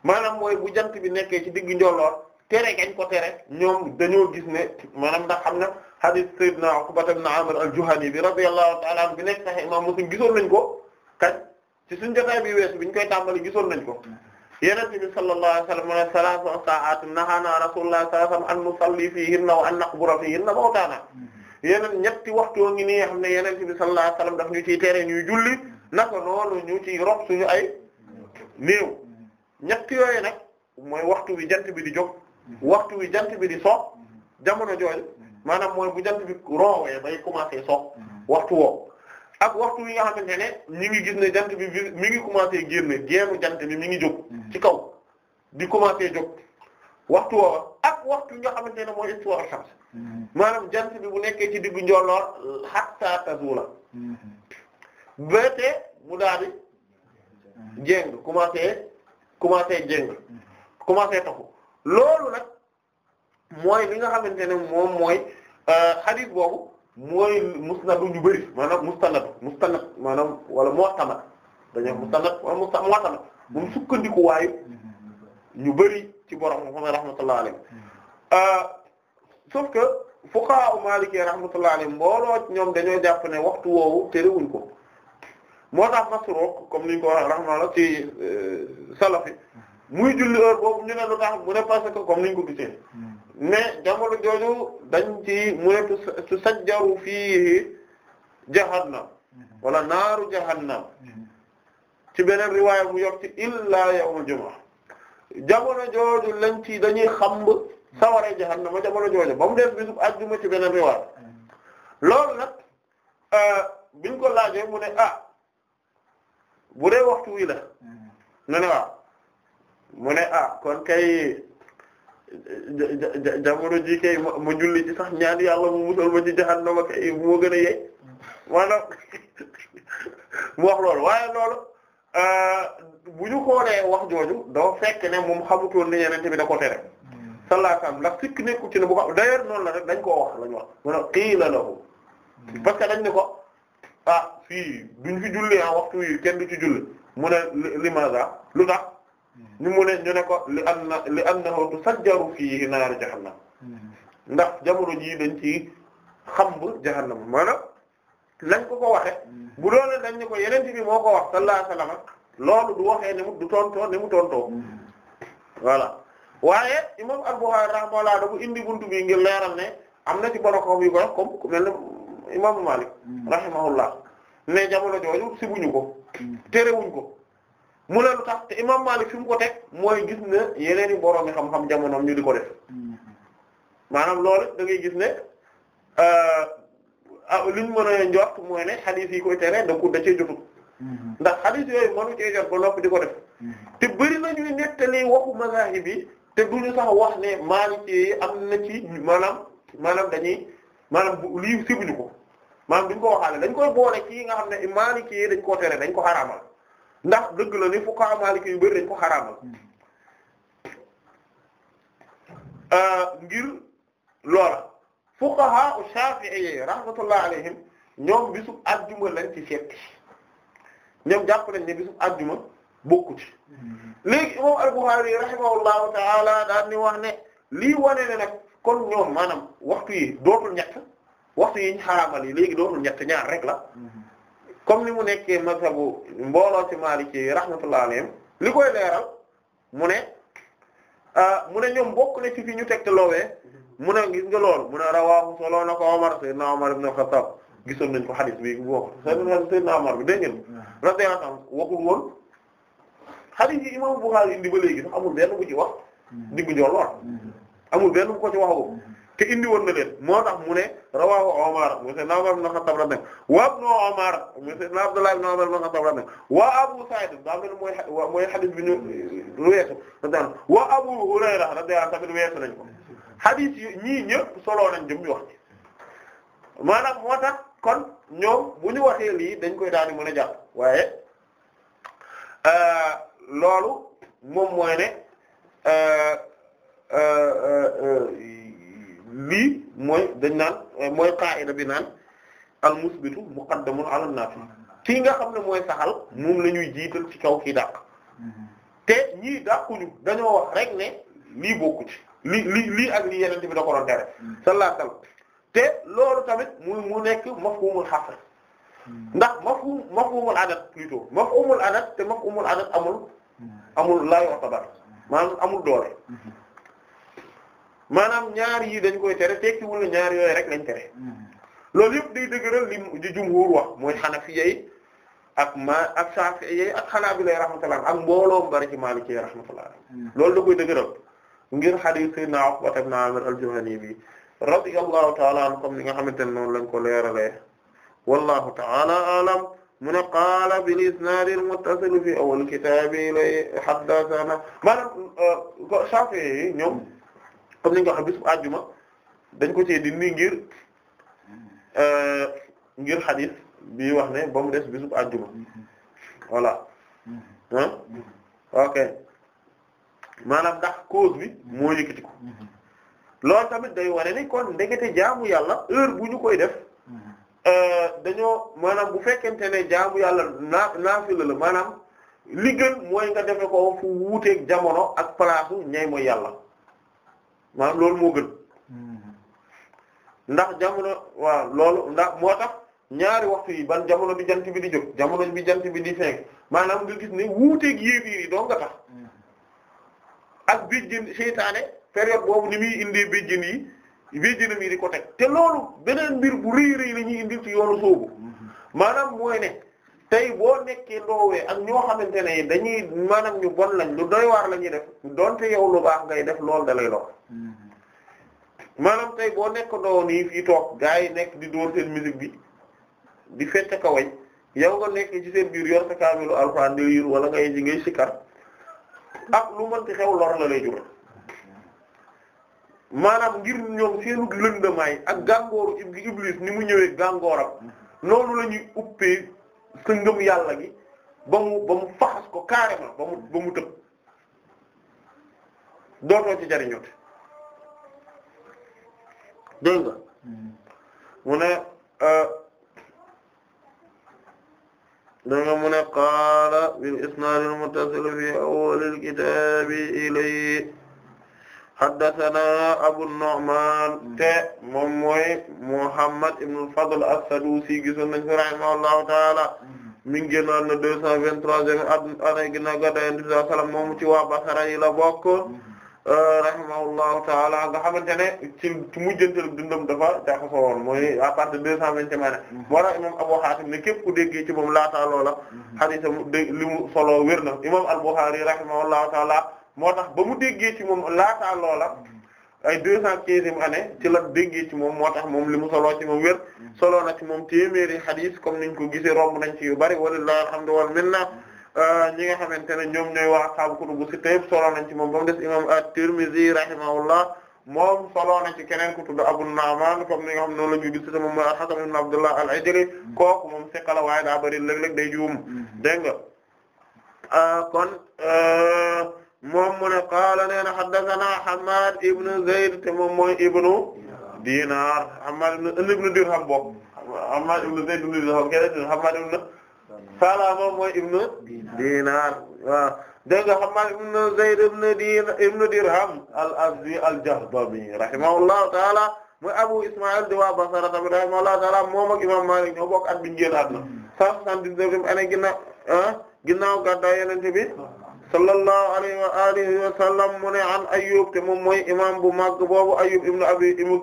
maanaam mooy bu jant bi nekkee ci digg njolloor tere gañ ko tere ñoom dañoo gis ne maanaam ndax xam na hadith na Uqba ibn Amir al-Juhani bi radiyallahu ta'ala anhu bi nekk sax imam Muslim gisoon nañ ko kañ ci suñu jotaay bi weesu biñ koy tàmbali gisoon nañ ko yeneen bi sallallahu alayhi wa sallam mu ne salaasa sa'aatin nahaanaa rasuulullahi sallallahu alayhi wa sallam an nusalli fiihinna naqbura fiihinna mawtaanaa yeneen ñetti waxtu ngi nii xam ne Yonent bi sallallahu alayhi wa sallam daf ñu tere ñuy julli naka noonu ñu ciy rob suñu ay néew ñetti yooyu nag mooy waxtu wi jant bi di jóg waxtu wi jant bi di soog jamono jooju maanaam mooy bu jant bi roowee bay commencé soog waxtu woowu ak waxtu wi nga xamante ne ñu ngi gis ne jant bi mi ngi commencé génn génnu jant bi mu ngi jóg hmm. ci kaw di commencé jóg waxtu woowa ak waxtu wi nga xamante ne mooy istiwa shams hmm. maanaam jant bi bu nekkee ci diggu njolloor hatta tazula hmm. béete mu commencé commencé jéng commencé taxu loolu nag mooy li nga xamante ne moom mooy euh, hadith boobu mooy musnadu ñu bëri maanaam mustanad mustanad maanaam wala mu'tamad dañuy wax mustanad wala mu'tamad moom sukkandiku waayu ñu bëri ci borom moo xam ne rahmatullah alayhi mm-hmm. euh, sauf que fuqaha maliki rahmatullah mbooloo ñoom dañoo jàpp ne waxtu woowu terewuñ ko moo comme ni ñu ko waxee rahmatullah ci euh, salafi mm-hmm. muy julli heure boobu ñu ne lu tax mu ne parce comme ni ko gisee. Mm-hmm. ne jamono jooju dañ ci mu ne tu sajjaru fii jahannam mhm. wala naaru jahannam mhm. ci beneen riwaaya mu yokk ci illaa yawmul jumaa jamono jooju lañ ci dañuy xamb sawara jahannama jamono jooju ba mu def bisub àjjuma ci beneen riwaaya mhm. loolu nag euh, biñ ko laajee mu ne ah bu dee waxtu wi la nga ne mu ne ah kon kay jamono ji kay ma julli ci sax ñaan yàlla mu musal ma ci jahannama kay moo gën a yey maanaam mu wax loolu waaye loolu euh, bu ñu xoolee wax jooju doo fekk ne moom xamutoon ne yeneen bi da ko tere sallallahu alayhi wasallam ndax sikk nekku ci ne bu ko d'ailleurs noonu la rek dañ koo wax lañu wax mana la lahu parce que dañ ne ko ah fii duñ fi julli ah waxtu yi kenn du ci julli mu ne limaza lu tax ñu mu ne ñu ne ko li an na li annahu tusajjaru fii naaru jahannam mm-hmm. ndax jamono jii dañ ci xamb jahannam maanaam nañ ko ko waxe mm-hmm. bu doole dañ ne ko yeneen bi moo ko wax sallallahu alayhi loolu du waxee ni mu du tontoo ni mu tontoo mm-hmm. voilà waaye imam Al-Bukhârî laa dafa indi buntu bi ngir leeral ne am na ci borom xam yu ko wax comme ku mel ne imam Mâlik rahimahullah ne jamono jooju sibuñu ko terewuñ ko mu ne lu tax te imam Malik fi mu ko teg mooy gis ne yeneen i boroomi xam-xam jamonoom ñu di ko def maanaam loolu da ngay gis ne euh, ah, li mën a njort mooy ne xadis yi koy tere da ko da cee jotut ndax xadis yooyu mënu cee jot ba noppi di ko def te bëri na ñuy nettali waxu mazahib yi te duñu sax wax ne Maliki yi am na ci maanaam maanaam dañuy maanaam lii sibuñu ko maanaam duñ ko waxaale dañ koy boole ci nga xam ne Maliki yi dañ koo tere dañ ko xaraamal ndax dëgg la ni fuqaha maliki yu bari dañ ko xaraamal euh, ngir loola fuqaha shafi'i rahmatullah alayhim ñoom bisub àjjuma lañ ci seeti ñoom jàpp nañ ne bisub àjjuma bokku ci léegi imam al ta'ala daan ni wax ne lii wane ne nag kon ñoom maanaam waxtu yi dootul ñett waxtu yi ñu xaraamal yi léegi dootul ñett ñaar rek la comme ni mu nekkee mazhabu mbooloo ci Maliki yi rahmatullah alayhim li koy leeral mu ne ah, mu ne ñoom bokk na ci fi ñu tegtaloowee mu ne gis nga lool mu ne rawaahu solo na Omar sayyidna Omar ibn Khattab gisoon nañ ko xadis bi bo sayyidna Omar bi dégg ngeen radiyallahu anhu waxul woon xadis yi imam Bukhari indi ba léegi sax amul benn bu ci wax diggu njool lool amul benn bu ko ci waxu te indi woon na leen moo tax mu ne rawahu Umar mu sayyidna Umar ibn Khattab la wa ibn Umar mu sayyidna Abdullah ibn Umar ibn Khattab la wa Abu Sa'id daa mel mooy hadith bi ñu weesu wa Abu Hurayra radiyallahu anhu weesu nañ ko hadith yi ñii solo nañ jëm ñu wax moo tax kon ñoom bu ñu waxee lii dañ koy daal di mën a jàpp waaye euh, loolu moom mooy ne euh, euh, lii mooy dañ naan euh, mooy qaida bi naan al musbitu muqaddamun ala nafi kii nga xam ne mooy saxal moom lañuy jiital ci kaw kii dàq te ñii dàquñu dañoo wax rek ne lii bokku ci li li lii ak lii yeneen bi da ko doon tere te loolu tamit mu mu nekk mafhumul xasr ndax mafhum mafhumul adat plutôt mafhumul adat te mafhumul adat amul amul laa yoo maa maanaam amul doole maanaam ñaar yi dañ koy tere tekkiwul na ñaar yooyu rek lañ tere loolu yëpp day dëgëral li jumhuur wax mooy xanafiya yi ak ma ak saafiya yi ak xanaabila rahmatullah ak mbooloo bari ci maaliki rahmatullah loolu da koy dëgëral ngir hadiis sayyidina Uqba ibn Aamir al-Juhani bi radiyallahu ta'ala anhu comme ni nga xamante ne noonu lañ ko leeralee wallahu ta'ala a'lam mu ne qaala bil isnaad al muttasil fi awwal kitaab ilay haddathana maanaam euh, saafiya yi ñoom comme ni nga xam bisu àjjuma dañ ko cee nii ngir euh, ngir xadis bi wax ne ba mu des bisu àjjuma voilà ah ok maanaam ndax cause bi moo yëkkati ko tamit day wane ni kon ndekete jaamu yàlla heure bu ñu koy def euh, dañoo maanaam bu fekkente ne jaamu yàlla naa naafila maanaam li gën mooy nga defe ko fu wuuteeg jamono ak place ñay mooy yàlla maanaam loolu moo gën mm-hmm. ndax jamono waaw loolu ndax moo tax ñaari waxtu yi ban jamono bi jant bi di jóg jamono bi jant bi di fenk maanaam nga gis ne wuuteeg yéefir yi doo nga tax mm-hmm. ak béjjén seytaane période boobu ni muy indee béjjén yi béjjénam yi di ko teg te loolu beneen mbir bu rëy rëy la ñuy indil ci yoonu soobu mm-hmm. maanaam mooy ne tey boo nekkee ndoowee ak ñoo xamante ne dañuy maanaam ñu bon lañ lu doy waar la ñuy def donte yow lu baax ngay def loolu da lay dox mm-hmm. maanaam tey boo nekk yi nekk di dóor bi di fecc ka yow nga nekk biir yor sa kaamilu ngay ji ngay sikkar ak lu mënti xew lor la lay jur maanaam ngir ñoom seenu lëndamaay ak gàngooru iblis ni mu ñëwee gàngooram mm-hmm. noonu la uppee sa ngëm yàlla gi ba mu ba ko carrément ba mu tëb dootoo ci jariñoot dégg nga mu ne euh, dégg nga mu fi awwalil kitaabi ilayhi haddathana Abu Nu'man te moom mooy Muhammad ibn al-Fadl as-Sadusi gisoon nañ ko rahimahullahu ta'ala mm-hmm. mi ngi génnoon na deux cent vingt-troisième année ginnaaw gàddaay Yonent bi sallallahu alayhi wa sallam moom ci waa Basra yi la bokk mm-hmm. euh, rahimahullahu ta'ala nga xamante ne ci ci mujjantal dundam dafa jaxasoo woon mooy à partir deux cent vingtième année mm-hmm. moo tax imam Abu Hatim ne képp ku déggee ci moom laataa loola hadiisam li mu solo wér imam al-Bukhari rahimahullahu ta'ala moo tax ba mu déggee ci moom laataa loola ay deux cent quinzième année ci la déggee ci moom moo tax moom li mu soloo ci moom wér soloo na ci moom téeméeri hadith comme niñ ko gisee romb nañ ci yu bari walillahi alhamdu wal minna euh, ñi nga xamante ne ñoom ñooy waa ashaabu kutubu sitta yëpp soloo nañ ci moom ba mu des imam at-Tirmidhi rahimahullah moom soloo nañ ci keneen ku tudd Abu Nu'man comme ni nga xam noonu la ñu gis moom mooy al-Hakam ibn Abdullah al kook moom siqa la waaye daa bari léeg-léeg day juum mm-hmm. dégg nga euh, kon euh, moom mu ne qaala nee na haddathana Hammad ibn Zayd te moom mooy ibnu Dinar Hammad ibn Dirham bokk Hammad ibn Zayd ibn Dirham keneen Hammad ibn Salama mooy ibnu Dinar waaw dégg nga Hammad ibn Zayd ibn Dinar ibn Dirham al-Azdi al-Jahdami rahimahullahu ta'ala mooy Abu Isma'il di waa Basra tamit rahimahullahu ta'ala moom ak Imam Malik ñoo bokk at biñu génn àdduna 179 ane ginnaaw ah, ginnaaw gàddaay Yonent bi sallallahu alayhi wa alihi wa sallam mu ne an Ayyub te moom mooy imam bu mag boobu Ayyub ibn Abi ibn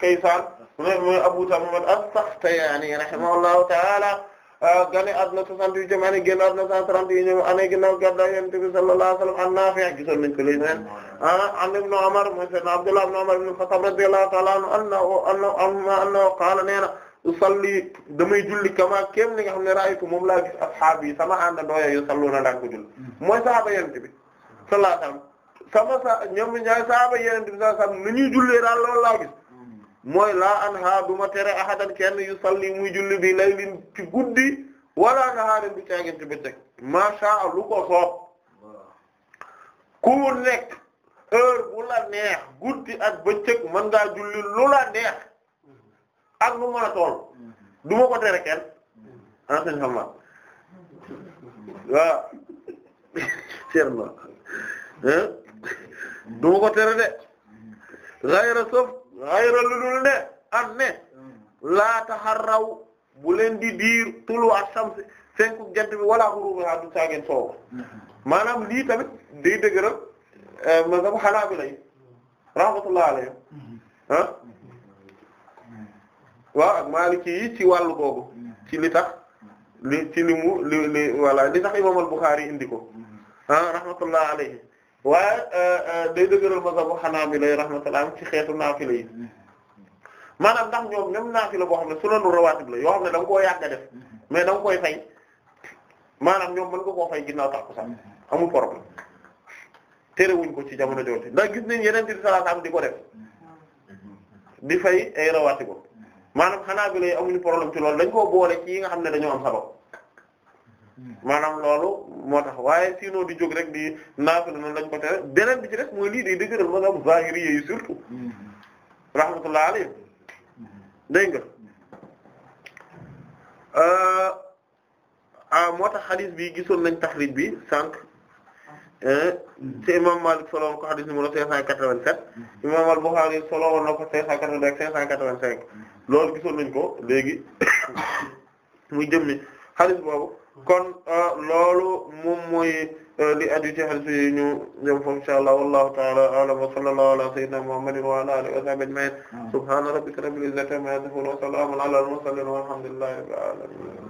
Kaysan mu ne mooy Abu Tamam as-Sakhtiyani rahimahullahu ta'ala ah, gane àdduna 68 jëm année génn àdduna 131 ñoom année ginnaaw gàddaay Yonent bi sallallahu alayhi wa sallam an Nafi' gisoon nañu ko léegi nag ah an ibn Umar mooy Sayyidina Abdullah ibn Umar ibn Khattab radiyallahu ta'ala anhu annahu annahu qaala nee na usalli damay julli kamaa kéem ni nga xam ne raaytu moom laa gis asxaab yi sama ànda ndooya yu salluuna daan ko julli mm. mooy sahaaba yenente bi sallallahu sama sa ñoom ñaari sahaaba yenente bi sallallahu alayhi wasallam ñuy jullee daal laa gis mm. mooy laa anha du tere ahadan kenn yu salli muy julli bi laylin ci guddi wala nahaarin bu caagin ci bëccëg macha allah lu ko soob ku nekk heure neex guddi ak bëccëg mën ngaa julli lu neex ak nu mën a du ma ko tere kenn ah xam ma waaw Thierno du ma ko tere de xayra sëf xayra lu dul ne am ne laa taxarraw bu leen di diir tulu ak samsi fenku jant bi wala xuruba du saageen soow maanaam lii tamit day dëgëral eh, ma sama xanaa bi lay rahmatullah alayhi ah waaw ak Maliki yi ci wàllu boobu ci li tax li ci li mu li li voilà li tax imam al-Bukhari indi ko ah rahmatullah alayhi waaye euh, euh, day dëgëral mazhabu Hanabila rahmatullah ci xeetu naafila yi maanaam ndax ñoom même naafila boo xam ne sunanu rawaatib la yoo xam ne danga koo yàgg a mais da koy fay maanaam ñoom mën nga koo fay ginnaaw tax ko sax amul problème terewuñ ko ci jamono jooju ndax gis nañ yeneen ci sallallahu alayhi di ko def di fay ay ko maanaam xanaa bi lay amuñu problème ci loolu dañ koo boole ci yi xam ne dañoo am sabab maanaam loolu moo tax waaye sinon di jóg rek di naafila noonu lañ ko tere beneen bi ci des mooy lii day dëgëral ma nga am zahiri yi surtout rahmatullah alayhi dégg nga euh, ah moo tax xadis bi gisoon nañ taxrij bi sànq ci euh, imam Malik solo ko xadis numéro 587 imam al-Bukhari solo woon na ko 582 ak 585 loolu gisoon nañ ko léegi muy jëmmi hadith boobu kon euh, loolu mu mooy euh, li aju ci yi ñu ñëw fa insha Allah wallahu ta'ala a'lam wa sallallahu ala sayyidina Muhammadin wa ala alihi wa sahbihi ajma'in hmm. subhana rabbika rabbil izzati amma yasifun wa salamun ala al mursalin walhamdulillahi rabbil alamin